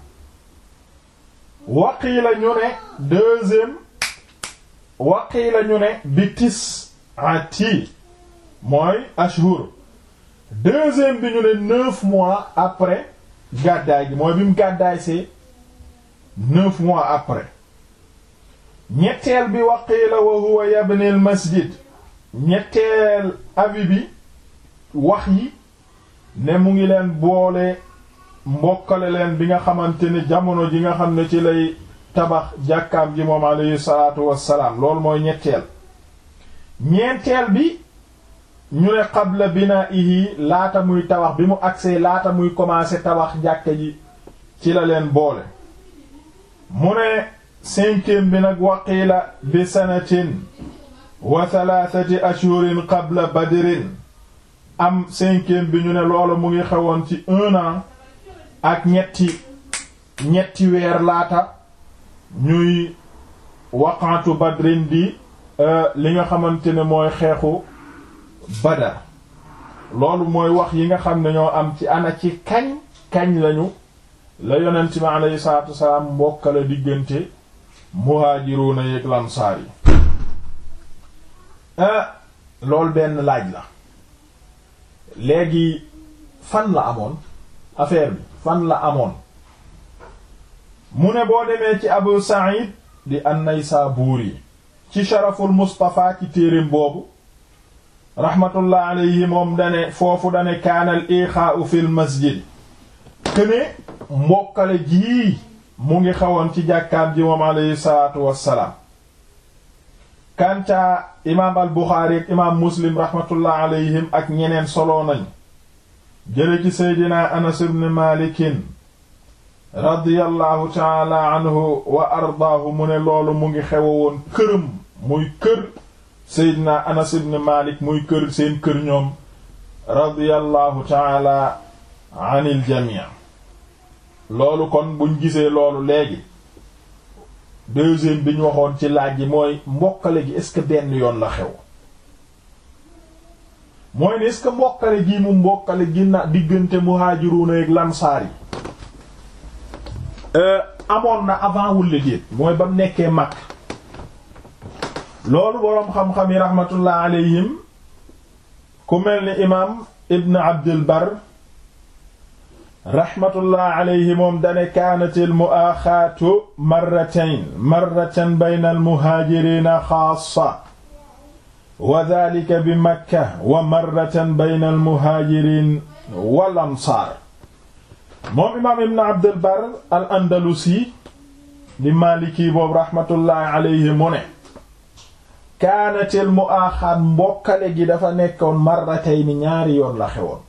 waqiila ñu ne mois waqiila ñu bi tis mooy ashhur deuxième bi ñu ne mois après gàddaay gi mooy bi mu gàddaay see mois après ñetteel bi wa qiila wa huwa yabni al masjid ñetteel abi bi wax yi ne mu ngi leen boole mbokkale leen bi nga xamante ni jamono ji nga xam ne ci lay tabax jàkkaam ji moom alayhi salaatu wassalaam loolu mooy ñetteel ñeenteel bi ñu ne qabla binaa'ihi laata muy tabax bi mu agsee laata muy commencer tabax jàkka ji ci la leen boole mu ne cinquième bi nag waqiila bi sanatin wa thalathati ashhurin qabla badrin am cinquième bi ñu ne loolu mu ngi xewoon ci un ak ñetti ñetti weer laata ñuy waqantu badrin di euh, li nga xamante ne mooy xeexu badar loolu mooy wax yi nga xam ne ñoo am ci ana ci kañ kañ lañu la yonent bi alayhi salaatu wasalaam mbokkale diggante muhaajiruuna yeeg lansaar yi ah, lool benn laaj la léegi fan la amoon affaire bi fan la amoon mu ne boo demee ci Abu Sa'id di an-Naysaburi ci sharaful Mustafa ci téereem boobu rahmatullah alayhi moom dane foofu dane kaanal iqaa'u fil masjid këne mbokkale jii mu ngi xawoon ci jàkkaam ji moom aleyhi salaatu wassalaam kàntaa imaam al buxaari ak imaam muslim raxmatullah aleyhim ak ñeneen solo nañ jële ci seydina anas ibn malikin radiyallahu taala anhu wa ardaahu mu ne ngi xewoon këram muy anas ibn malik muy kër seen kër ñoom radiyallahu taala anil jamii loolu kon buñ gisee loolu léegi deuxième bi ñu waxoon ci laaj yi mooy mbokkale gi est-ce que benn yoon la xew mooy ne est-ce que mbokkale gi mu mbokkale gi na diggante muhajiruna ak lansaar yi euh, amoon na avant walla déet mooy ba mu nekkee mag loolu boroom xam-xam yi alayhim ku mel ni imaam ibn abdul bar raxmatullah alayhi moom dane kaanatil muaaxaatu marratayn marratan bayna almuhaajiriina xaasa wa dalika bi makka wa marratan bayna almuhaajiriin wal ansaar moom imaam ibn abdul bar al andalusi di maaliki boobu raxmatullahi alayhi mu ne kaanatil muaaxaat mbokkale gi dafa nekkoon marratayni ñaari yoon la xewoon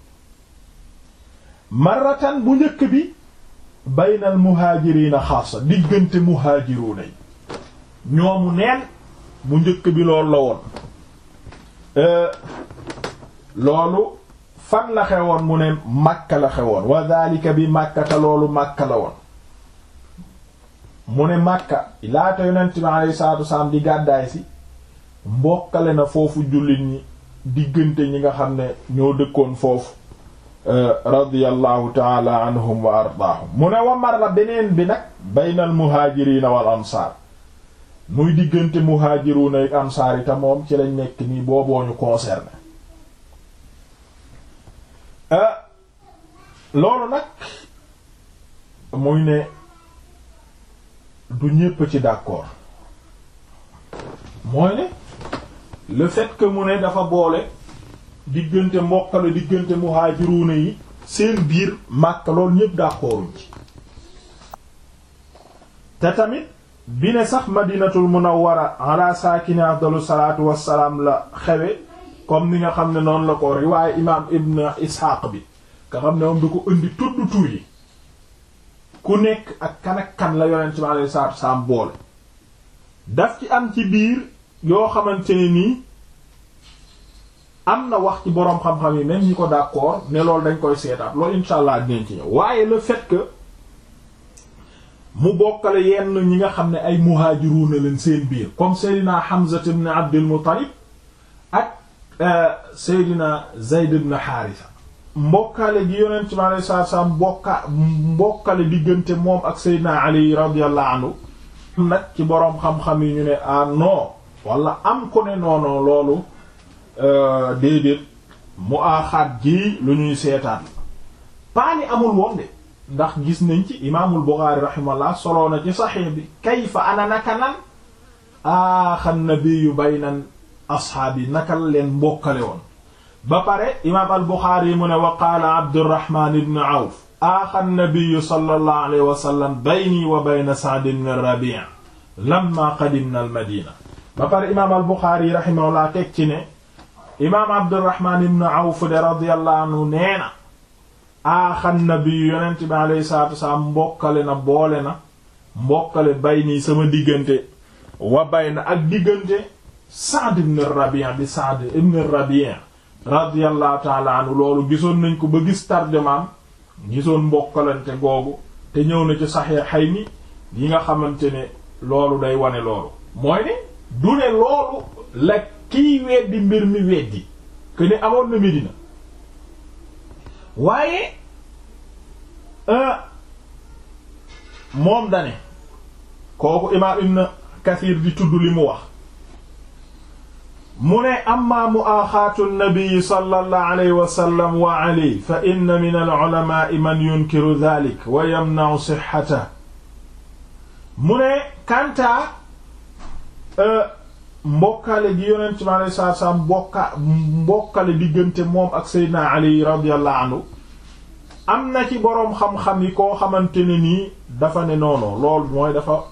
marratan bu njëkk bi baynal muhaajiriina xaasa diggante muhaajiruuna yi ñoomu neen bu njëkk bi loolu la woon euh, loolu fan la xewoon mu ne Makka la xewoon wa daalika bi Makkata loolu Makka la woon mu ne Makka laata yonent bi alayhi di gàddaay si mbokkale na foofu jullit ñi diggante ñi nga xam ne ñoo dëkkoon foofu Euh, radiyallahu taala anhum wa ardaahum mu ne wa marra beneen bi nag baynal muhaajiriina wal ansaar muy diggante muhaajiruuna ak ansaar yi te moom ci lañ nekk nii booboo ñu concerné euh, loolu nag muy ne du ñépp ci d'accord mooy ne le fait mu ne dafa boole diggante mbokkale diggante muhaajiruuna yi seen biir Makka loolu ñépp d'accorduñ ci te tamit bi ne sax madinatul munawwara ala saakini afdalu salaatu wassalaam la xewe comme ni nga xam ne noonu la ko riwaaye imaam ibn isxaaq bi nga xam ne moom du ko indi tudd tur yi ku nekk ak kan ak kan la yonent bi alayhi salaatu wassalaam boole daf ci am ci biir yoo xamante ni nii am na wax ci boroom xam-xam yi même ñi ko d'accord ne loolu dañ koy seetaat loolu insha allah dinañ ci ñëw waaye la fait que mu bokkale yenn ñi nga xam ne ay muhaajiruuna leen seen biir comme Seydina Hamza ibn Abdul Muttalib ak euh, Seydina Zayd ibn Haarisa mbokkale gi yonent bi alayhi salaatu salaam mbokka mbokkale diggante moom ak Seydina Ali radiyallahu anhu nag ci boroom xam-xam yi ñu ne ah non wala am ku ne non non loolu Euh, déedéet mu aaxaat ji lu ñuy seetaan paani amul woon de ndax gis nañ ci imaamul Buxaari rahimahullah soloo na ci saxiix bi kayfa ana naka nan aaxan nabiyyu baynan asxaabi nakal leen mbokkale woon ba pare imaam al Buxaari mu ne wa qaala Abdurrahmaan ibn Awf aaxan nabiyyu sallallahu alayhi wa sallam bayni wa bayna Sa'd ibn Rabi' lamma qadimna al Madina ba pare imaam al Buxaari rahimahullah teg ci ne imaam abdurrahman ibn awf de radiyallahu nee na aaxan nabi yonent bi alayhi salaatu wasalaam mbokkale na boole na mbokkale bay nii sama diggante wa bay na ak diggante Saad ibn Rabi' bi Saad ibn Rabi' radiyallahu taala anhu loolu gisoon nañ ko ba gis tarjumaam gisoon mbokkalante googu te ñëw na ci ni yi nga xamante ne loolu day wane loolu mooy ne du ne loolu lekk kiy weddi mbir mi weddi que ne amoon na Medina waaye euh, moom dane kooku imaam Ibn Kathir di tudd li mu wax mu ne amma muaaxaatu nnabii sallallahu sallam wa alayhi fa inna min al-ulamaa'i man yunkiru dhaalika wa yamna'u sihhatahu mu ne kantaa euh, mbokkale gi yonent mi alayhi mbokka mbokkale diggante moom ak Seydina Ali radiyallahu anhu am na ci boroom xam-xam yi koo xamante ne nii dafa ne noonu loolu mooy dafa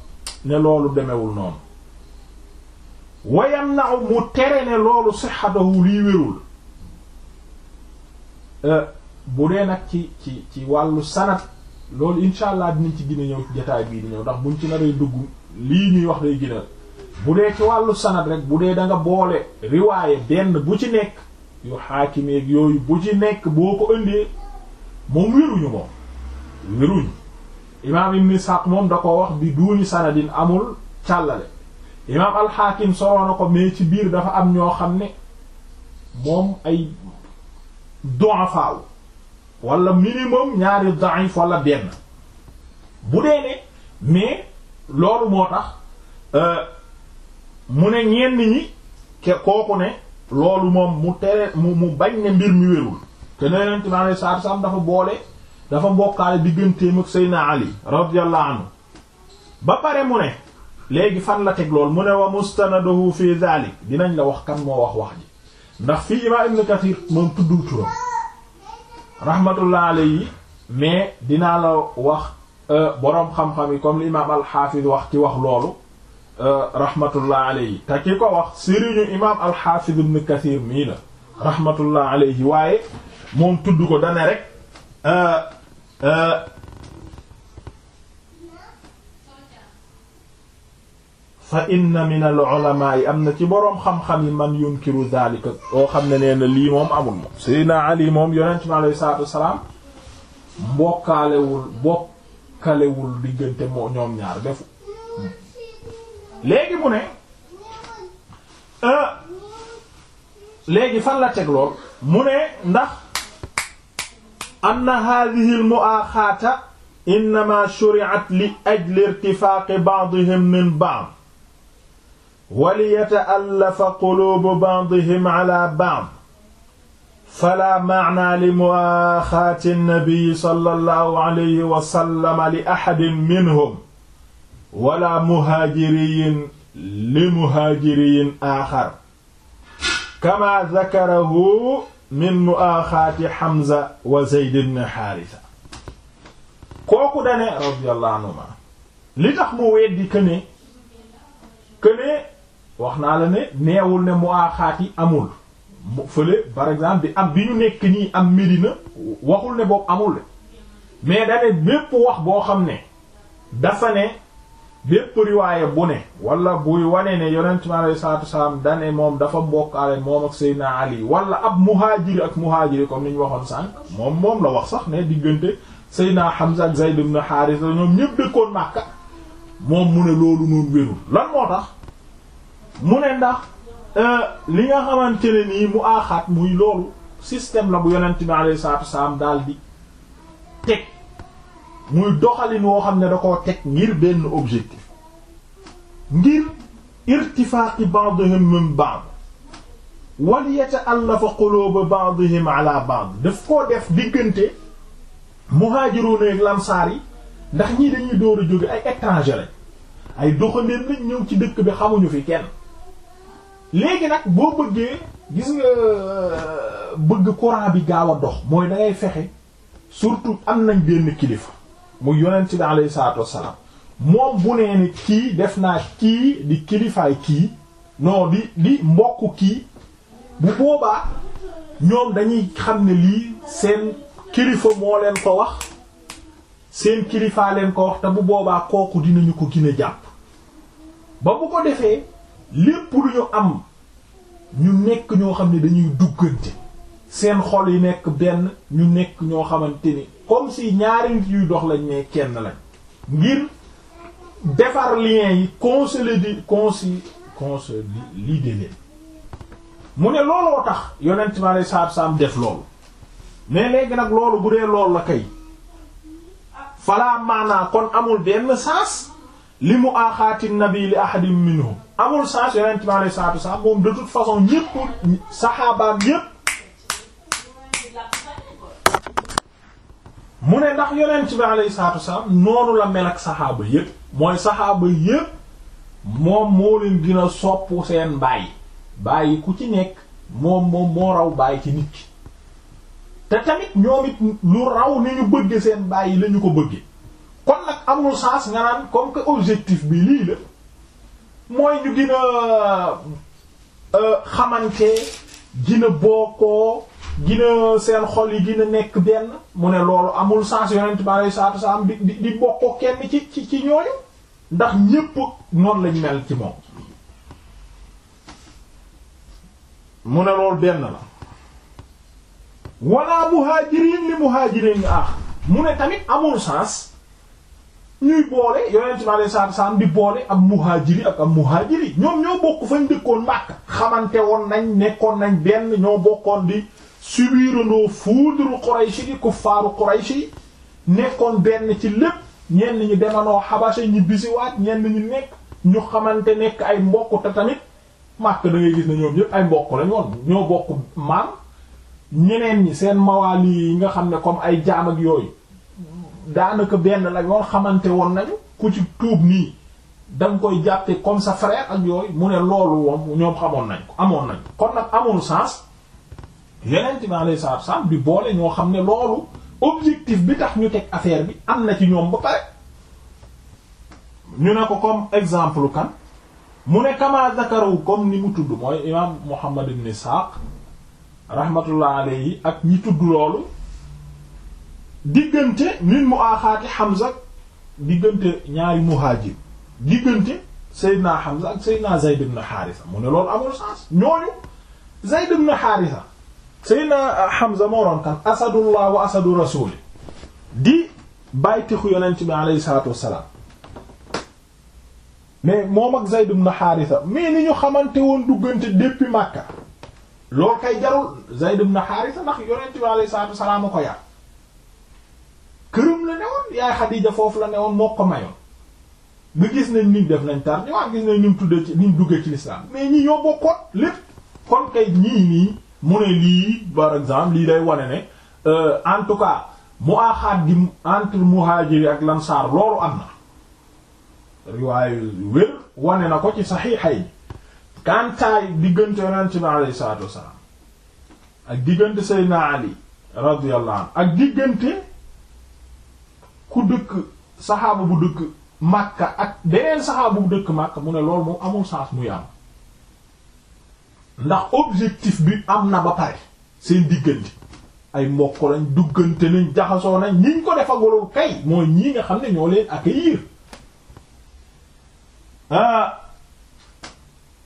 ne loolu demewul noonu wayam na mu tere ne loolu sixatahu liy wérul euh, bu dee nag ci ci ci wàllu sanat loolu insha allah dinañ ci gën a ñëw jataay bii di ñëw ndax buñ ci naree dugg lii ñuy wax day gën bu dee ci wàllu sanad rek bu dee da nga boole riwaaye benn bu ci nekk yu xaakimeeg yooyu bu ci nekk boo ko ëndee moom wéruñu moom wéruñu imaam ibn Ishaq moom da ko wax bi duuni sanadin amul càllale imaam alxaakim soloo ko mais ci biir dafa am ñoo xam ne moom ay du'afa wala minimum ñaari da'if wala benn bu dee ne mais loolu moo tax euh, mu ne ñenn ñi ke kooku ne loolu moom mu tere mu mu bañ ne mbir mi wérul te ne yonent bi alayhi salaatu salaam dafa boole dafa mbokkaale digganteem ak Seydina Ali radiyallahu anhu ba pare mu ne léegi fan la teg lool mu ne wa mustanaduhu fi dhalik dinañ la wax kan moo wax wax ji ndax fii imaam Ibn Kathir moom tuddul turam rahmatullah yi mais dinaa la wax euh, boroom xam-xam yi comme l'imam al-Hafiz wax ci wax loolu Euh, rahmatullah alayhi te ki ko wax sëriñu imam al-Hafiz Kathir mii la rahmatullah alayhi waaye moom tudd ko dane rek euh, euh, fa inna min al yi am na ci boroom xam-xam yi man yunkiru dhalika oo xam ne nee na lii moom amul moom Seydina Ali moom yonent mi alayhi salaatu bokkalewul diggante moo ñoom ñaar defu léegi mu ne euh, léegi fan la teg lool mu ne ndax anna hadhihi al mu'akhata innama shuri'at li ajli irtifaqi ba'dihim min ba'd wa li yata'allafa qulubu ba'dihim ala ba'd fala maana li mu'akhati an-nabi sallallahu alayhi wa sallam li ahadin minhum wala muhaajiriyin li muhaajiriyin aaxar kama zakarahu min muaaxaati Hamza wa Zayd Haarisa kooku dane radiyallahu anhuma li tax mu weddi këne këne wax naa la ne neewul ne muaaxaat yi amul fële par exemple bi am bi ñu nekk nii am Medina waxul ne boobu amul mais dane bépp wax boo xam ne dafa ne bépp riwaaya bu ne wala buy wane ne yonent mi alayhi salaatu wasalaam dane moom dafa bokkaale moom ak Seydina Ali walla ab muhaajiri ak muhaajiri comme ni ñu waxoon sànq moom moom la wax sax ne diggante Seydina Hamza ak Zayd ibn Haarisa ñoom ñëpp dëkkoon Makka moom mu ne loolu noonu wérul lan moo tax mu ne ndax euh, li nga xamante ne nii mu aaxaat muy loolu système la bu yonent mi alayhi salaatu wasalaam daal di teg muy doxalin woo xam ne da koo teg ngir benn objectif ngir irtifaaqi ba'dihim min ba'd wal yata'allafa quluubu ba'dihim ala ba'd daf koo def diggante muhaajiruun ak lamsaar yi ndax ñi dañuy door a jóge ay étranger lañ ay doxandéem lañ ñëw ci dëkk bi xamuñu fi kenn léegi nag boo bëggee gis nga euh, bëgg courant bi gaaw a dox mooy da fexe surtout am nañ benn kilifa mu yonent bi alayhi salaatu wassalaam moom bu nee ni kii def naa kii di kilifaay kii non di di mbokk kii bu boobaa ñoom dañuy xam ne lii seen kilifa moo leen ko wax seen kilifaa leen ko wax te bu boobaa kooku dinañu ko gën a jàpp ba bu ko defee lépp lu ñu am ñu nekk ñoo xam ne dañuy duggante seen xol yi nekk benn ñu nekk ñoo xamante ni comme si ñaari nit yuy dox lañ ne kenn lañ ngir defar lien yi di consolider consi consolider leen mu ne looloo tax yonent ma lay saab saab def loolu mais léegi nag loolu bu dee loolu la kay falaa maanaa kon amul benn sens li mu aaxaati nabi li ahadim minhum amul sens yonent ma lay saab saab moom de toute façon ñépp saxaabaam ñépp mu ne ndax yonent bi alayhi salaatu wasalaam noonu la mel ak saxaaba yépp mooy saxaaba yépp moom moo leen dina sopp seen baay bàyyi ku ci nekk moom moom moo raw bàyyi ci nit ki te tamit ñoom it lu raw ni ñu bëgge seen bàyyi la ko bëgge kon nag amul sens nga naan comme que objectif bi lii la mooy ñu gën a euh, xamante gën gina seen xol yi gina nekk benn mu ne loolu amul sens yonent bi alei salatu wasalaam di di bokkoo kenn ci ci ci ñooñu ndax ñépp noonu lañ mel ci moom mu ne loolu benn la wala muhaajiriin li muhaajiriin ah mu ne tamit amul sens ñuy boole yonent bi alei salatu wasalaam di boole ak muhaajiri ak am muhaajiri ñoom ñoo bokk fañ dëkkoon Makka xamante woon nañ nekkoon nañ benn ñoo bokkoon di subirandoo foudre Quraysh yi kuffaaru Quraysh yi nekkoon benn ci lépp ñenn ñi demanoo Habasha ñi bisiwaat ñenn ñi nekk ñu xamante nekk ay mbokkute tamit màkk da ngay gis ne ñoom yépp ay mbokk lañ woon ñoo bokk maam ñeneen ñi seen mawaali yi nga xam ne comme ay jaam ak yooyu daanaka benn la yoon xamante woon nañu ku ci tuub nii da koy jàppe comme sa frère ak yooyu mu ne loolu woon ñoom xamoon nañ amoon nañ kon nag amul sens yonent bi alayhi salaatu salaam bi boole ñoo xam ne loolu objectif bi tax ñu teg affaire bi am na ci ñoom ba pare ñu ne ko comme exemple kan mu ne kama zakaru comme ni mu tudd mooy imaam Muhammad ibn Isaaq rahmatullah alayhi ak ñi tudd loolu diggante min mu aaxaati Hamza diggante ñaari muhaajir diggante Seydina Hamza ak Seydina Zayd ibn Haarisa mu ne loolu amul sens ñooñu Zayd ibn Haarisa Seydina Hamza moo doon kan asadullah wa asadu rasuli di bàytixu yonent bi aleyhi salatu wassalam mais moom ak Zayd ibn Haritha mais ni ñu xamante woon duggante depuis Makka loolu kay jarul Zayd ibn Haritha ndax yonent bi aleyhi salatu wassalam a ko yar këram la newoon yaay Xadiija foofu la newoon moo ko mayoon nga gis nañ niñ def nañ tar ñu waa gis nañ ñu tudde ci niñ dugge ci l'islam mais ñi ñoo bokkoon lépp kon kay ñii nii mu ne lii par exemple lii day wane ne euh, en tout cas mu axaat gi entre muhaajiri ak lansaar loolu am na riwaaye wér wane na ko ci saxiixa yi kantaay diggante yonent bi alayhi salaatu wassalaam ak diggante Seydina Ali radiyallahu anhu ak diggante ku dëkk saxaaba bu dëkk Makka ak beneen saxaaba bu dëkk Makka mu ne loolu moom amul sens muy am ndax objectif bi am na ba pare seen diggante ay mbokk lañ duggante nañ jaxasoo nañ ñiñ ko defagulul kay mooy ñii nga xam ne ñoo leen accueillir ah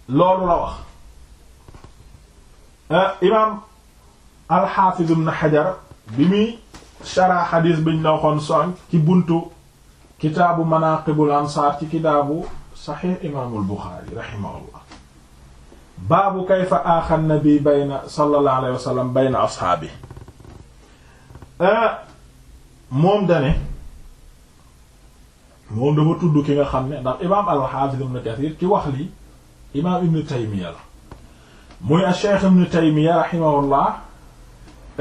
loolu la wax ah, imaam alxaafiz ibn xajar bi muy shara xadiis biñ la waxoon ci buntu kitaabu manaqibul ansaar ci kitaabu saxiix imaamul buxaari raximahullah baabu kayfa aaxa nabi bayna sallallahu alayhi wa sallam bayna ashaabi ah, moom dane moom dafa tudd ki nga xam ne ndax imaam al-Hafiz ibn Kathir ci wax li imaam ibn Taymiyya la muy ash-Shaykh ibn Taymiyya rahimahullah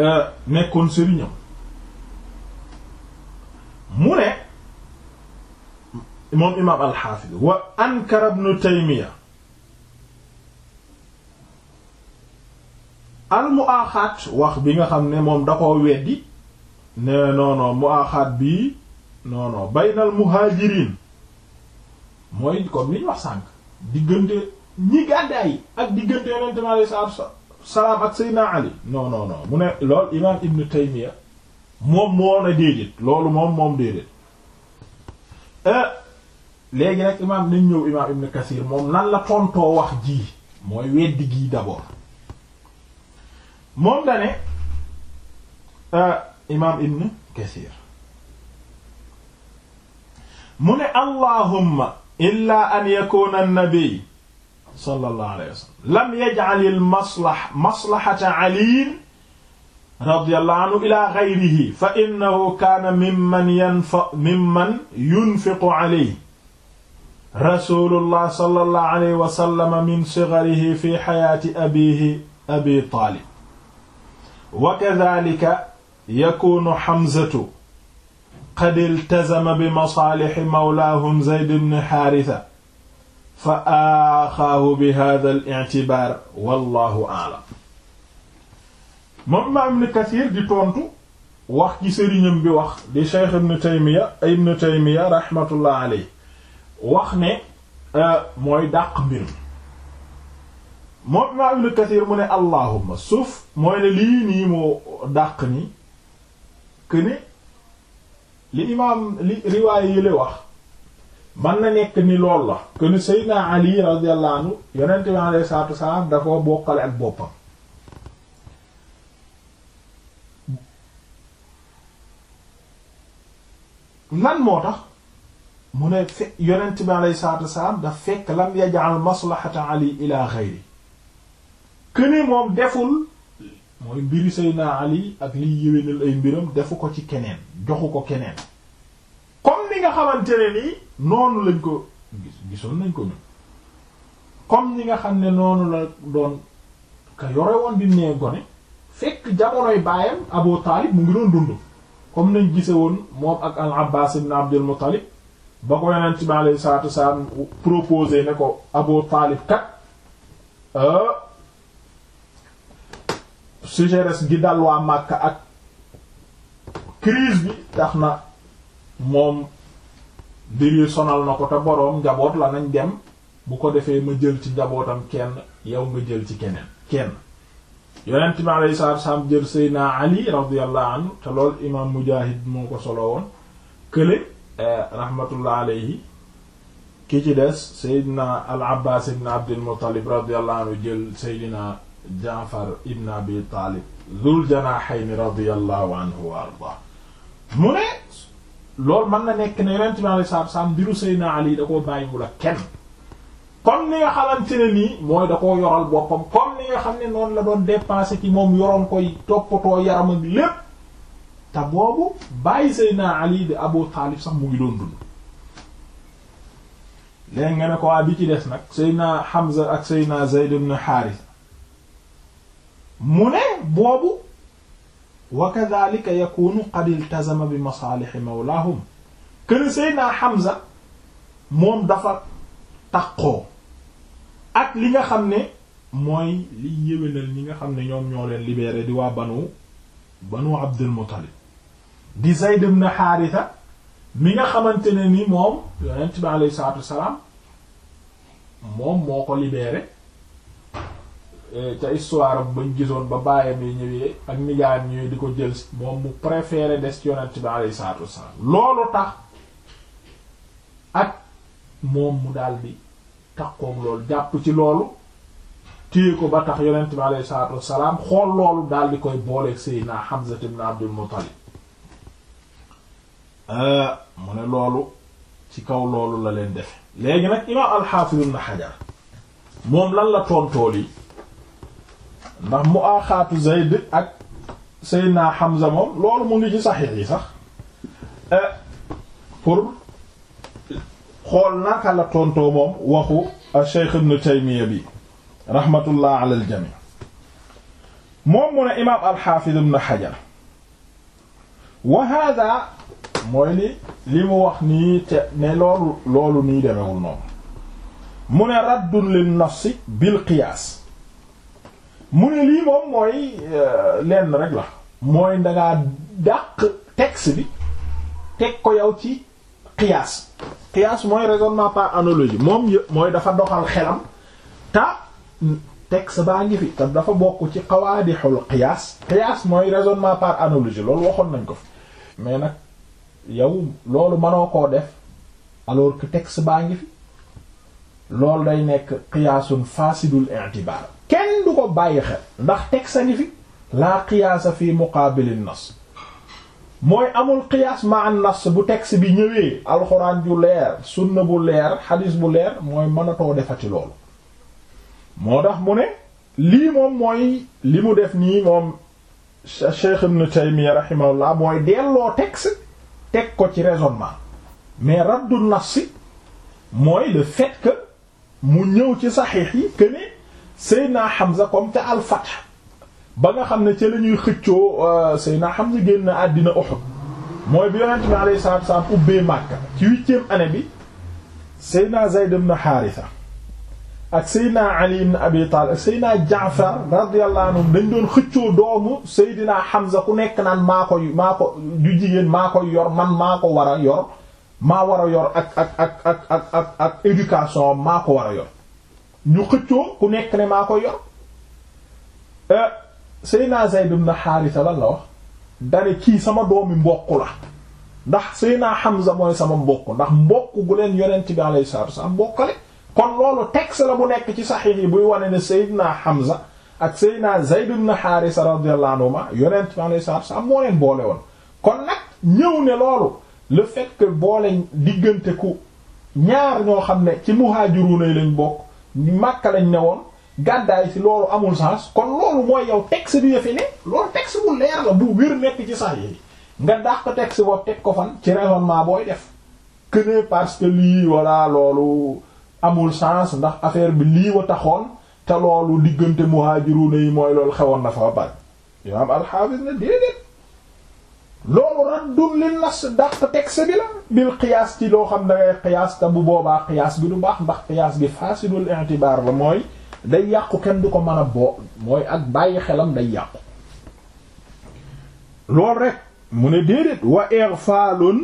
ah, nekkoon sëriñam mu ne moom imaam al wa ankara ibn Taymiyya al mu aaxaat wax bi nga xam ne moom da koo weddi ne non non mu aaxaat bii non non baynal muhaajiriin mooy comme li ñu wax sànq diggante ñi gàddaay ak diggante yonente mi alayhi salaatu ak Seydina Ali non non non mu ne loolu imaam Ibn Taymiya moom moo ne déedéet loolu moom moom déedéet euh, léegi nag imaam nañ ñëw imaam Ibn Kasir moom nan la tontoo wax ji mooy weddi gii d'abord moom dane euh, imaam ibn Kathir mu ne allahumma illa an yakuna an-nabi sallallahu alayhi wa sallam lam yaj'al al-maslaha maslahata Ali radiyallahu anhu ila ghayrihi fa innahu kana mimman yanfa mimman yunfiqu alayhi rasulullah sallallahu alayhi wa sallam min sigharihi fi hayati abihi abi Talib wa kadhalika yakunu xamzatu qad iltazama bi masaalixi mawlaahum zayd bni xaarisa fa aaxaahu bi hada al ictibaar wallahu aalam moom imaam ibn kasiir di tontu wax ci sëriñam bi wax di cheikh ibn taymiya ibn taymiya raxmatullah aley wax ne euh, mooy dàq mbir mi moom imaam Ibn Kathir mu ne allahumma suuf mooy ne lii nii moo dàq ni que ne li imaam li riwaaye yële wax man na nekk ni lool la que ne Seydina Ali radiyallahu anhu yonent bi alayhi salaatu wassalaam mu ne fe yonent bi alayhi salaatu daf fekk lam yaj'al maslahata Ali ila ghayri këne moom deful mooy mbiri Seydina Ali ak liy yéwénal ay mbiram defu ko ci keneen joxu ko keneen comme ni nga xamante ne nii noonu lañ ko gis gisoon nañ ko ñu comme ni nga xam ne noonu la doon ka yore woon di gone fekk jamonoy baayam Abu Taalib mu ngi doon dund comme nañ gise woon moom ak al Abbaas ibn Abdul Muttalib ba ko yonent bi alayhi salaatu wa salaam ne ko Abu Taalib kat euh, sécheresse gi dal waa màkk ak crise bi tax na moom diri sonal na ko te boroom njaboot la nañ dem bu ko defee ma jël ci njabootam kenn yow nga jël ci keneen kenn yonent bi alayhi salaatu wassalaam jël Seydina Ali radiyallahu anhu te lool imaam Mujaahid moo ko solo woon kële eh, rahmatullah alayhi ki ci des Seydina al Abbaas ibn Abdul Muttalib radiyallahu anhu jël Seydina jaafar ibn abi taalib zul janaahayni radiyallahu anhu wa ardaa mu ne loolu mën na nekk ne yonent bi alayhi salaatu wa salaam mbiru Seydina Ali da koo bàyyiwul ak kenn comme ni nga xamante ne nii mooy da koo yoral boppam comme ni nga ne noonu la doon dépensé ci moom yoroon koy toppatoo yaram ak lépp te boobu bàyyi Seydina Ali di Abu Taalib sax mu ngi doon dund nga ne ko waa bi ci des nag Seydina Hamza ak Seydina mu ne boobu wa kadhalika yakunu qad iltazama bi masaalixi mawlaahum kër Seydina Hamza moom dafa taqoo ak li nga xam ne mooy li yéwénal ñi nga xam ne ñoom ñoo leen libéré di waa banu banu Abdul Muttalib di Zayd ibn Haritha mi nga xamante ne ni moom yonent bi alayhi salaatu wa salaam moom moo ko libéré Eh, ca histoire bañ gisoon ba baayam yi ñëwee ak nijaayam ñëwee di ko jël moom mu préféré des ci yonent bi alayhi salaatu wassalaam loolu tax ak moom mu daldi takkoog loolu jàpp ci loolu téye ko ba tax yonent bi alayhi salaatu wassalaam xool loolu di koy booleeg Seydina Hamza ibn Abdul Muttalib eh, mu ne loolu ci kaw loolu la leen defe léegi nag imaam al-Hafiz ibn moom lan la tontool yi ndax mu aaxaatu Zayd ak Seydina Hamza moom loolu mu ngi ci saxiix yi sax eh, pour xool naka la tontoo moom waxu Cheikh Ibn Taymiyya bi rahmatullah ala al jamii moom mu ne imaam al-Hafiz Ibn Hajar wa hada mooy li li mu wax nii te ne loolu loolu nii demewul noonu mu ne raddun lin nafsi bil qiyaas mu ne lii moom mooy euh, lenn rek la mooy dangaa dàq texte bi teg ko yow ci qiyaas qiyaas mooy raisonnement par analogie moom yë mooy dafa doxal xelam ta texte baa ngi fi te dafa bokk ci qawaadixul qiyaas qiyaas mooy raisonnement par analogie loolu waxoon nañ ko fi mais nag yow loolu mënoo koo def alors que texte baa ngi fi loolu day nekk qiyaasun fasidul i'tibaar kenn du ko bàyyi xel ndax teg sa ngi fi laa qiyaasa fi muqaabili nas mooy amul qiyaas ma an nas bu texte bi ñëwee alxuraan ju leer sunna bu leer xadiis bu leer mooy mënatoo defati loolu moo tax mu ne lii moom mooy li mu def nii moom Cheikh Ibn Taymiyya rahimahullah mooy delloo texte teg ko ci raisonnement mais raddu nas si mooy le fait que mu ñëw ci saxiix yi que Seydina Hamza comme ca al ba nga xam ne ca la ñuy xëccoo euh, Seydina Hamza génn àddina Uhud mooy bi yonent bi alayhi salaatu salaam ubbee Makka ci huitième année bi Seydina Zayd ibn Haarisa ak Seydina Ali ibn Abi Taalib ak Seydina Jaafar radiyallahu anhum dañ doon xëccoo doomu Seydina Hamza ku nekk naan maa koy maa ko du jigéen maa ko yor man maa ko war a yor maa war a yor ak ak ak ak ak ak maa ko war a yor ñu xëccoo ku nekk ne maa ko yor euh, Seyna Zayd ibn Haarisa la la wax dane kii sama doomi mbokk la ndax Seyna Hamza mooy sama mbokk ndax mbokk gu leen yonent bi alayhi salaatu wasallam mbokkale kon loolu texte la bu nekk ci saxiix yi buy wane ne Seyna Hamza ak Seyna Zayd ibn Haarisa radiyallahu anhuma yonent bi alayhi salaatu wasallam moo leen boole woon kon nag ñëw ne loolu la fekk boole diggante ku ñaar ñoo xam ne ci muhaajiruuna yi lañ bokk Makka lañ ne woon gàddaay si loolu amul sens kon loolu mooy yow texte bi nga fi ne loolu texte bu leer la bu wér nekk ci sax yi nga dàq ko texte boobu teg ko fan ci raisonnement booy def que ne parce que lii voilà loolu amul sens ndax affaire bi lii wa taxoon te loolu diggante muhaajiruuna yi mooy lool xewoon na fa bari imaam al-Hafiz ne déedéet loolu raddun li nas dàq tek bi la bil qiyaas ci loo xam da ngay qiyaas te bu boobaa qiyaas bi du baax ndax qiyaas bi fasidul i'tibaar la mooy day yàqu kenn du ko mën a boo mooy ak bàyyi xelam day yàqu loolu rek mu ne déedéet wa irfaalun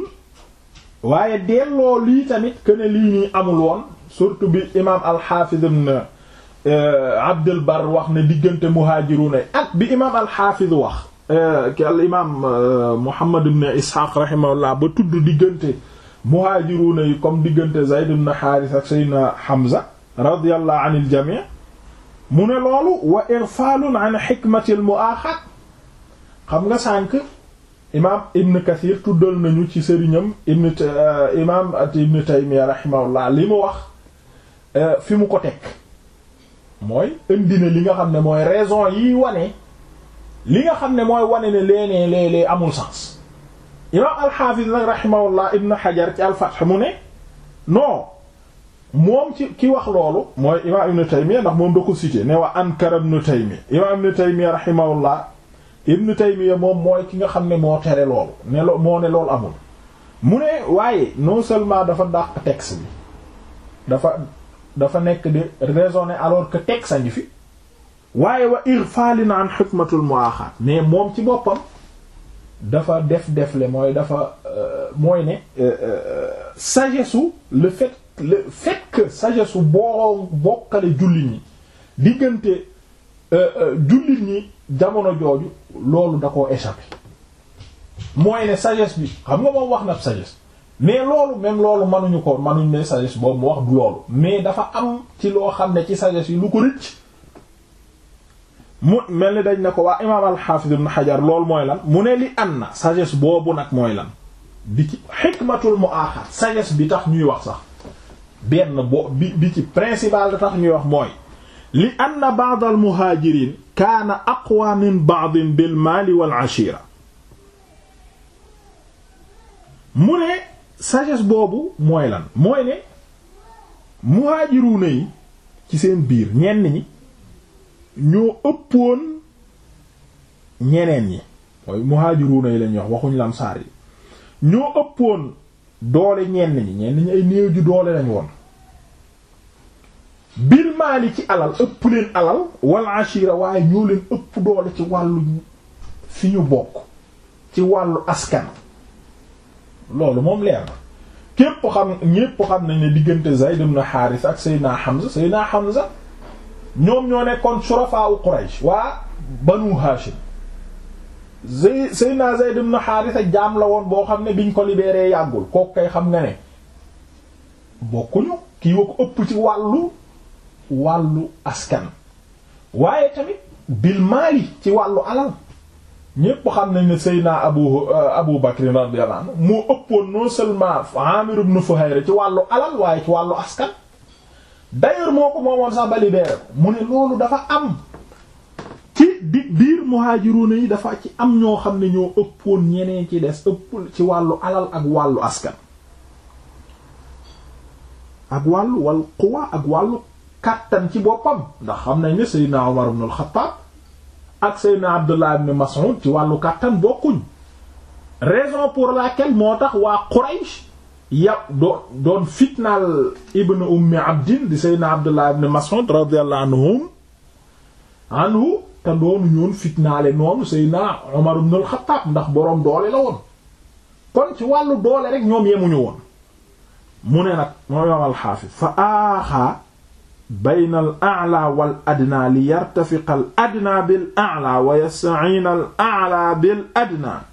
waaye delloo lii tamit kenn ne lii nii amul woon surtout bi imaam al-Hafiz ibn euh, Abdul Barr wax ne diggante muhajiruna ak bi imaam al-Hafiz wax Eh, ki al imaam eh, Muhammad ibn Ishaq rahimahullah ba tudd diggante muhaajiruuna yi comme diggante Zayd ibn Haaris ak Seydina Hamza radiyallahu anil jamii mu ne loolu wa irfaalun an xikmatil muaaxaat xam nga sànq imaam Ibn Kathir tuddal nañu ci sëriñam ibn eh, imaam at Ibn Taymiyya rahimahullah li mu wax fi mu ko teg mooy indi na li nga xam ne mooy raison yi wane. li nga xam ne mooy wane ne leenee léeg-léeg amul sens imaam alxaafis nag rahimahullah ibn xajar ci alfath mu ne non moom ci ki wax loolu mooy imaam ibn taymiya ndax moom da ko cité ne wa ankara ibn taymiya imaam ibn taymiya rahimahullah ibn taymiya moom mooy ki nga xam ne moo tere loolu ne lo moo ne loolu amul mu ne waaye non seulement dafa dàq texte bi dafa dafa nekk di raisonner alors que texte a ngi fi waaye wa irfalin an xikmatul muaxaat mais moom ci boppam dafa def defle mooy dafa euh, mooy ne euh, euh, sagesse su le fait le fait que su boo bokkale jullit ñi diggante jullit ñi jamono jooju loolu da ko échappé mooy ne sagesse bi xam nga moom wax na sagesse mais loolu même loolu mënuñu ko mënuñ ne sagesse boobu mu wax du loolu mais dafa am ci loo xam ne ci sagesse yi lu ko rëcc mu mel ni dañ ne ko waa imaam al-Hafiz ibn Hajar mooy lan mu ne li anna sages boobu nag mooy lan bi ci xikmatul mu'axar sagesse bi tax ñuy wax sax benn bo bi bi ci principal da tax ñuy wax mooy li anna ba'd al-muhajirin kaana aqwa min ba'd bil maali wal ashira mu ne sagesse boobu mooy lan mooy ne muhajiruna yi ci seen biir ñenn ñi ñoo ëppoon ñeneen ñi mooy muhaajiruuna yi lañuy wax waxuñu lamsaar yi ñoo ëppoon doole ñenn ñi ñenn ñi ay néew ju doole lañ woon bil maali ci alal ëpp leen alal wal ashira waaye ñoo leen ëpp doole ci wàllu fi ñu bokk ci wàllu askan loolu moom leer na képp xam ñépp xam nañ ne diggante Zayd ibn Haaris ak Seydina Hamza Seydina Hamza ñoom ñoo nekkoon shurafaa u Quraysh waa Banu Hashim Zay Seydina Zayd ibn Haarisa jaam la woon boo xam ne biñ ko libeeree yàggul kooku kay xam nga ne bokkuñu kii wa ko ëpp ci wàllu wàllu askan waaye tamit bil maali ci wàllu alal ñépp xam nañ ne Seydina Abu Abu Bakr radiyallahu anhu moo ëppoon non seulement Aamir ibn Fuhayra ci wàllu alal waaye ci wàllu askan d'ailleurs moo ko moomoon sax ba mu ne loolu dafa am ci di biir muhaajiruuna yi dafa ci am ñoo xam ne ñoo ëppoon ñeneen ci des ëpp ci wàllu alal ak wàllu askan ak wàllu wal quwa ak wàllu kàttan ci boppam ndax xam nañ ne Seydina Umar ibn al-Khattab ak Seydina Abdullah ibn ci wàllu kàttan bokkuñ raison pour laquelle moo tax waa Quraysh yàpp doon doon fitnaal ibn ummi abdin di seydna abdullah ibn mas'ud radiyallahu anhum anhu te doonu ñoon fitnaale noonu seydna umar ibn al-khattab ndax boroom doole la woon kon ci wàllu doole rek ñoom yemuñu woon mu ne nag moo yoom alxaafis fa aaxaa bayna al a'la wal adna li yartafiqa al adna bil a'la wa yasta'ina al a'la bil adna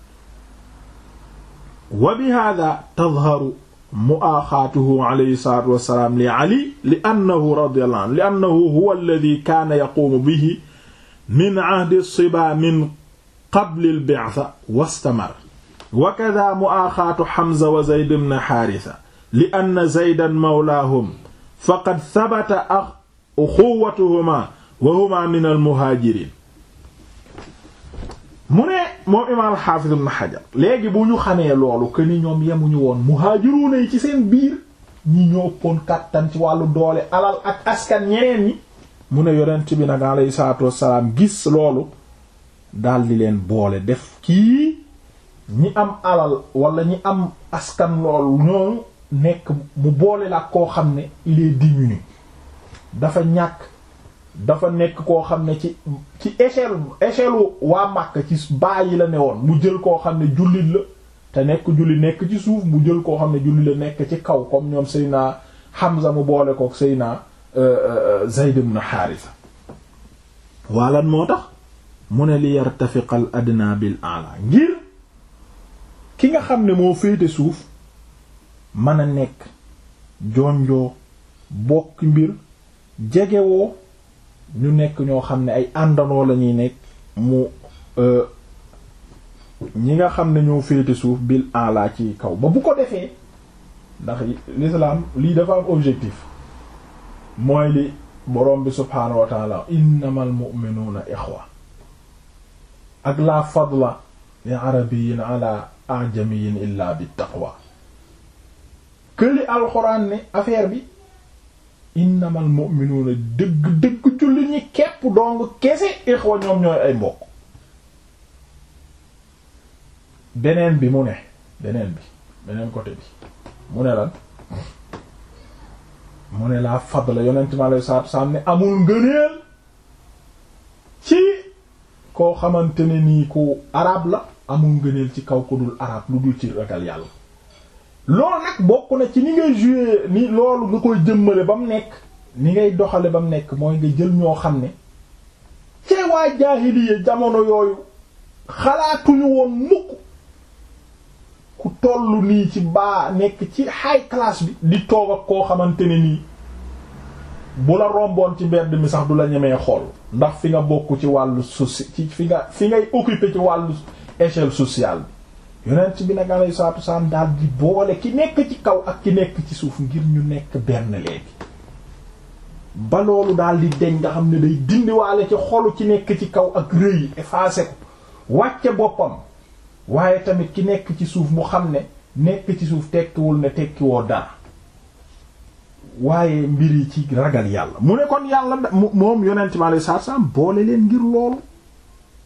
wa bi hadha tadharu muaaxaatuhu alayhi salaatu wassalaam li ali li annahu radiyallahu anhu li annahu huwa alladhi kaana yaquumu bihi min ahdi siba min qabli al-bi'tha wastamar wa kadha muaaxaatu hamza wa zayd ibn haarisa li anna zaydan mawlaahum faqad thabata uxuwwatuhumaa wa humaa min al-muhaajiriin mu ne moom imaam al-Hafiz ibn léegi bu ñu xamee loolu que ñoom yemuñu woon mu muhaajiruuna yi ci seen biir ñi ñoo ëppoon kàttan ci wàllu doole alal ak askan ñeneen ñi mu ne yonent bi nag alayhi salaatu gis loolu daldi leen boole def kii ñi am alal walla ñi am askan loolu ñoo nekk mu boole la koo xam ne il est diminué dafa ñàkk dafa nekk koo xam ne ci ci échelle échelle waa Makka ci bàyyi la ne woon mu jël koo xam ne jullit la te nekk julli nekk ci suuf mu jël koo xam ne julli la nekk ci kaw kom ñoom naa xam Hamza mu boole kook Seyna euh, euh, Zayd ibn Haarisa waalan moo tax mu ne li yartafiqal adna bil a'la ngir ki nga xam ne moo féete suuf mën a nekk jonjoo bokk mbir jegewoo ñu nekk ñoo xam ne ay àndandoo lañuy nekk mu euh, ñi nga xam ne ñoo féete suuf bil ala ci kaw ba bu ko defee ndax l'islam lii dafa am objectif mooy li borom bi subhaanahu wa taala innamal mu'minuuna ixwa ak la fadla li arabiyin ala ajamiyin illa bi taqwa këli alxuraan ne affaire bi innamal mu'minuuna dëgg dëgg julli ñi képp dong kese ixwa ñoom ñooy ay mbokk beneen bi mu ne beneen bi beneen côté bi mu ne lan mu ne laa fadla yonent mi alayhi salaatu salaam amul ngëneel ci koo xamante ne nii ku arab la amul ngëneel ci kaw ko dul arab lu dul ci ragal yàlla loolu nag bokk na ci ni ngay jouer ni loolu nga koy jëmmale ba mu nekk ni ngay doxale ba mu nekk mooy nga jël ñoo xam ne cee waa jaahiliya jamono yooyu xalaatuñu woon mukk ku tollu nii ci baa nekk ci high class bi di toog koo xamante ne nii bu la romboon ci mbedd mi sax du la ñemee xool ndax fi nga bokk ci wàllu soci fi nga fi ngay occupé ci wàllu échelle sociale bi yonent bi nag alayhi salaatu wasalaam daal di boole ki nekk ci kaw ak ki nekk ci suuf ngir ñu nekk benn léegi ba loolu daal di deñ nga xam ne day dindiwaale ci xolu ci nekk ci kaw ak rëy effacé ko wàcce boppam waaye tamit ki nekk ci suuf mu xam ne nekk ci suuf tekkiwul ne tekkiwoo dara waaye mbir yi ci ragal yàlla mu ne kon yàlla moom yonent bi alayhi salaatu wasalaam boole leen ngir loolu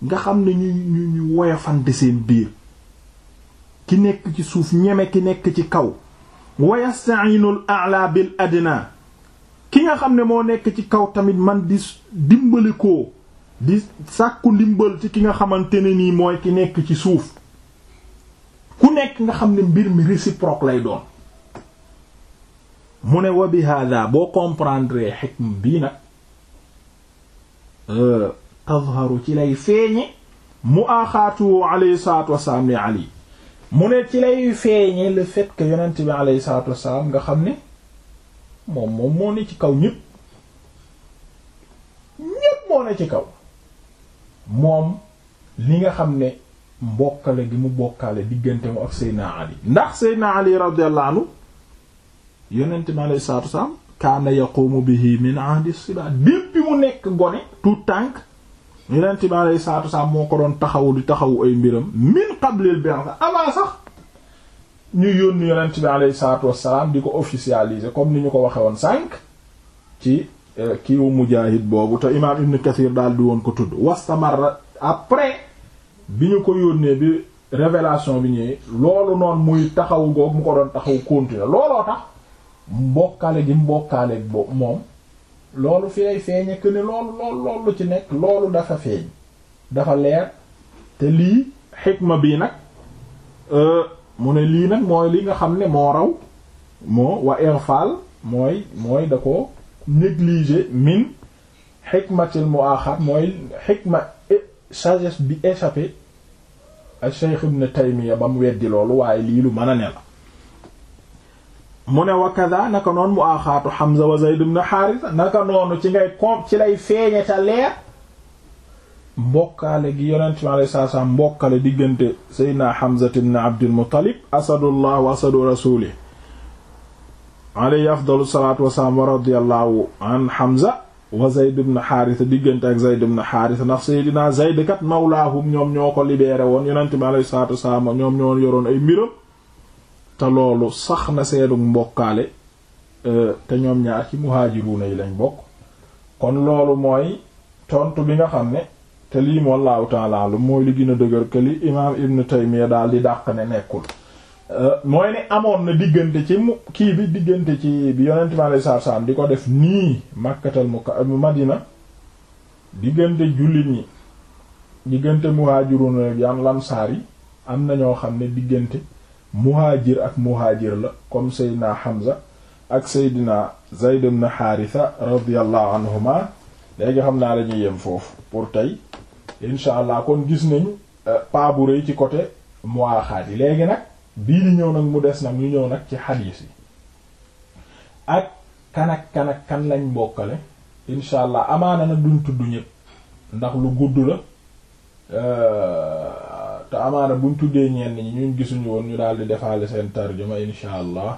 nga xam ne ñu ñu ñu woyofante seen biir ki nekk ci suuf ñeme ki nekk ci kaw wa yasta'iinul a'la bil adna ki nga xam ne moo nekk ci kaw tamit man di dimbali ko di sàkku ndimbal ci ki nga xamante ne nii mooy ki nekk ci suuf ku nekk nga xam ne mbir mi réciproque lay doon mu ne wa bi hada boo comprendre xikma bii nag euh, tazharu ci lay feeñe mu aaxaatuhu alayhi salaatu wasalaam li ali mu ne ci lay feeñee le fait que yonent bi alayhi salaatu wassalaam nga xam ne moom moom moo ne ci kaw ñépp ñépp moo ne ci kaw moom li nga xam ne mbokkale gi mu bokkaale diggante mu ak Seydina Ali ndax Seydina Ali radiyallahu anhu yonent bi alayhi salaatu wassalaam kaana yaqumu bihi min ahdi sila bi mu nekk gone tout tànk yonent bi alayhi salaatu wasalaam moo ko doon taxawu di taxawu ay mbiram min qablil bi'tha avant sax ñu yónni yonent bi alayhi salaatu wasalaam di ko officialiser comme ni ñu ko waxe woon sànq ci euh, kiiwu mujaahid boobu te imaam Ibn Kathir daal di woon ko tudd wastamarra après bi ñu ko yónnee bi révélation bi ñëwee loolu noonu muy taxawu googu mu ko doon taxawu continuer looloo tax mbokkaale gi mbokkaale moom loolu fi lay feeñe que ne loolu loolu loolu ci nekk loolu dafa feeñ dafa leer te lii xikma bii nag euh, mu ne lii nag mooy li nga xam ne moo raw moo wa irfal mooy mooy da ko négligé min xikmatil muaxar mooy xikma e, sagesse bi échappé ak Cheikh Ibn Taymiyya ba mu weddi loolu waaye lii lu mën a ne la mu ne wa kaza naka noonu mu aaxaatu Hamza wa Zayd ibn Haarisa naka noonu ci ngay koom ci lay feeñe ta leer mbokkaale gi yonent bi alayhi salaatu salaam mbokkale diggante Seydina Hamza ibn Abdul Muttalib asadullah wa asadu rasuuli alayhi afdalu salaatu wasalaam wa radiyallahu an Hamza wa Zayd ibn Haarisa diggante ak Zayd ibn Haarisa ndax Seydina Zayd kat mawlaahum ñoom ñoo ko libéré woon yonent bi alayhi salaatu wasalaam ñoom ñoo yoroon ay mbiram te loolu sax na seenug mbokkaale euh, te ñoom ñaar ci muhaajiruuna yi lañ bokk kon loolu mooy tontu bi nga xam ne te lii wallahu taala lu mooy li gën dëgër que li imaam Ibn Taymiyya daal di dàq ne nekkul euh, mooy ne amoon na diggante ci mu kii bi diggante ci bi yonent mi alayhi salaatu salaam di ko def nii Makkatal Mukarrama Madina diggante jullit ñi diggante muhaajiruuna yi am lamsaar yi am na ñoo xam ne diggante muhaajir ak muhaajir la comme seydina Hamza ak seydina Zayd ibn Haritha radiyallahu anhuma léegi xam naa lañuy yem foofu pour tey incha allah kon gis nañu euh, pas bu rëy ci côté muwaaxaat yi léegi nag bii di ñëw nag mu des nag ñu ñëw nag ci xadiis yi ak kanak kanak kan lañ bokkale incha allah amaana nag duñ tudd ñépp ndax lu gudd la euh, te amaana buñ tuddee ñenn ñi ñun gisuñu woon ñu daal di defaale seen tarjuma incha allah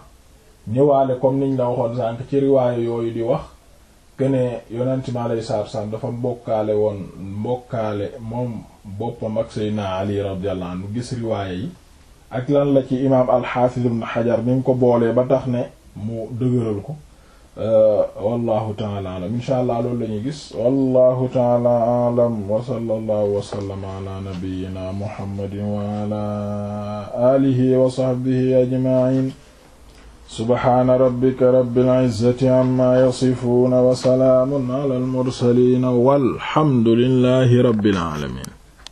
ñëwaale comme niñ la waxoon sànq ci riwaayu yooyu di wax que ne yonent ma lay saab saab dafa mbokkaale woon mbokkaale moom boppam ak Seydina Ali radiyallahu anhu gis riwaaya yi ak lan la ci imaam al-Hafiz ibn Hajar ni mu ko boolee ba tax ne mu dëgëral ko. Euh, wallahu taala alam insha allah loolu la ñuy gis wallahu taala alam wa sallallahu wa sallama ala nabiyyina muhammadin wa ala alihi wa sahbihi ajma'in subhana rabbika rabbil izzati amma yasifuna wa salaamun ala al mursalin walhamdulillahi rabbil alamin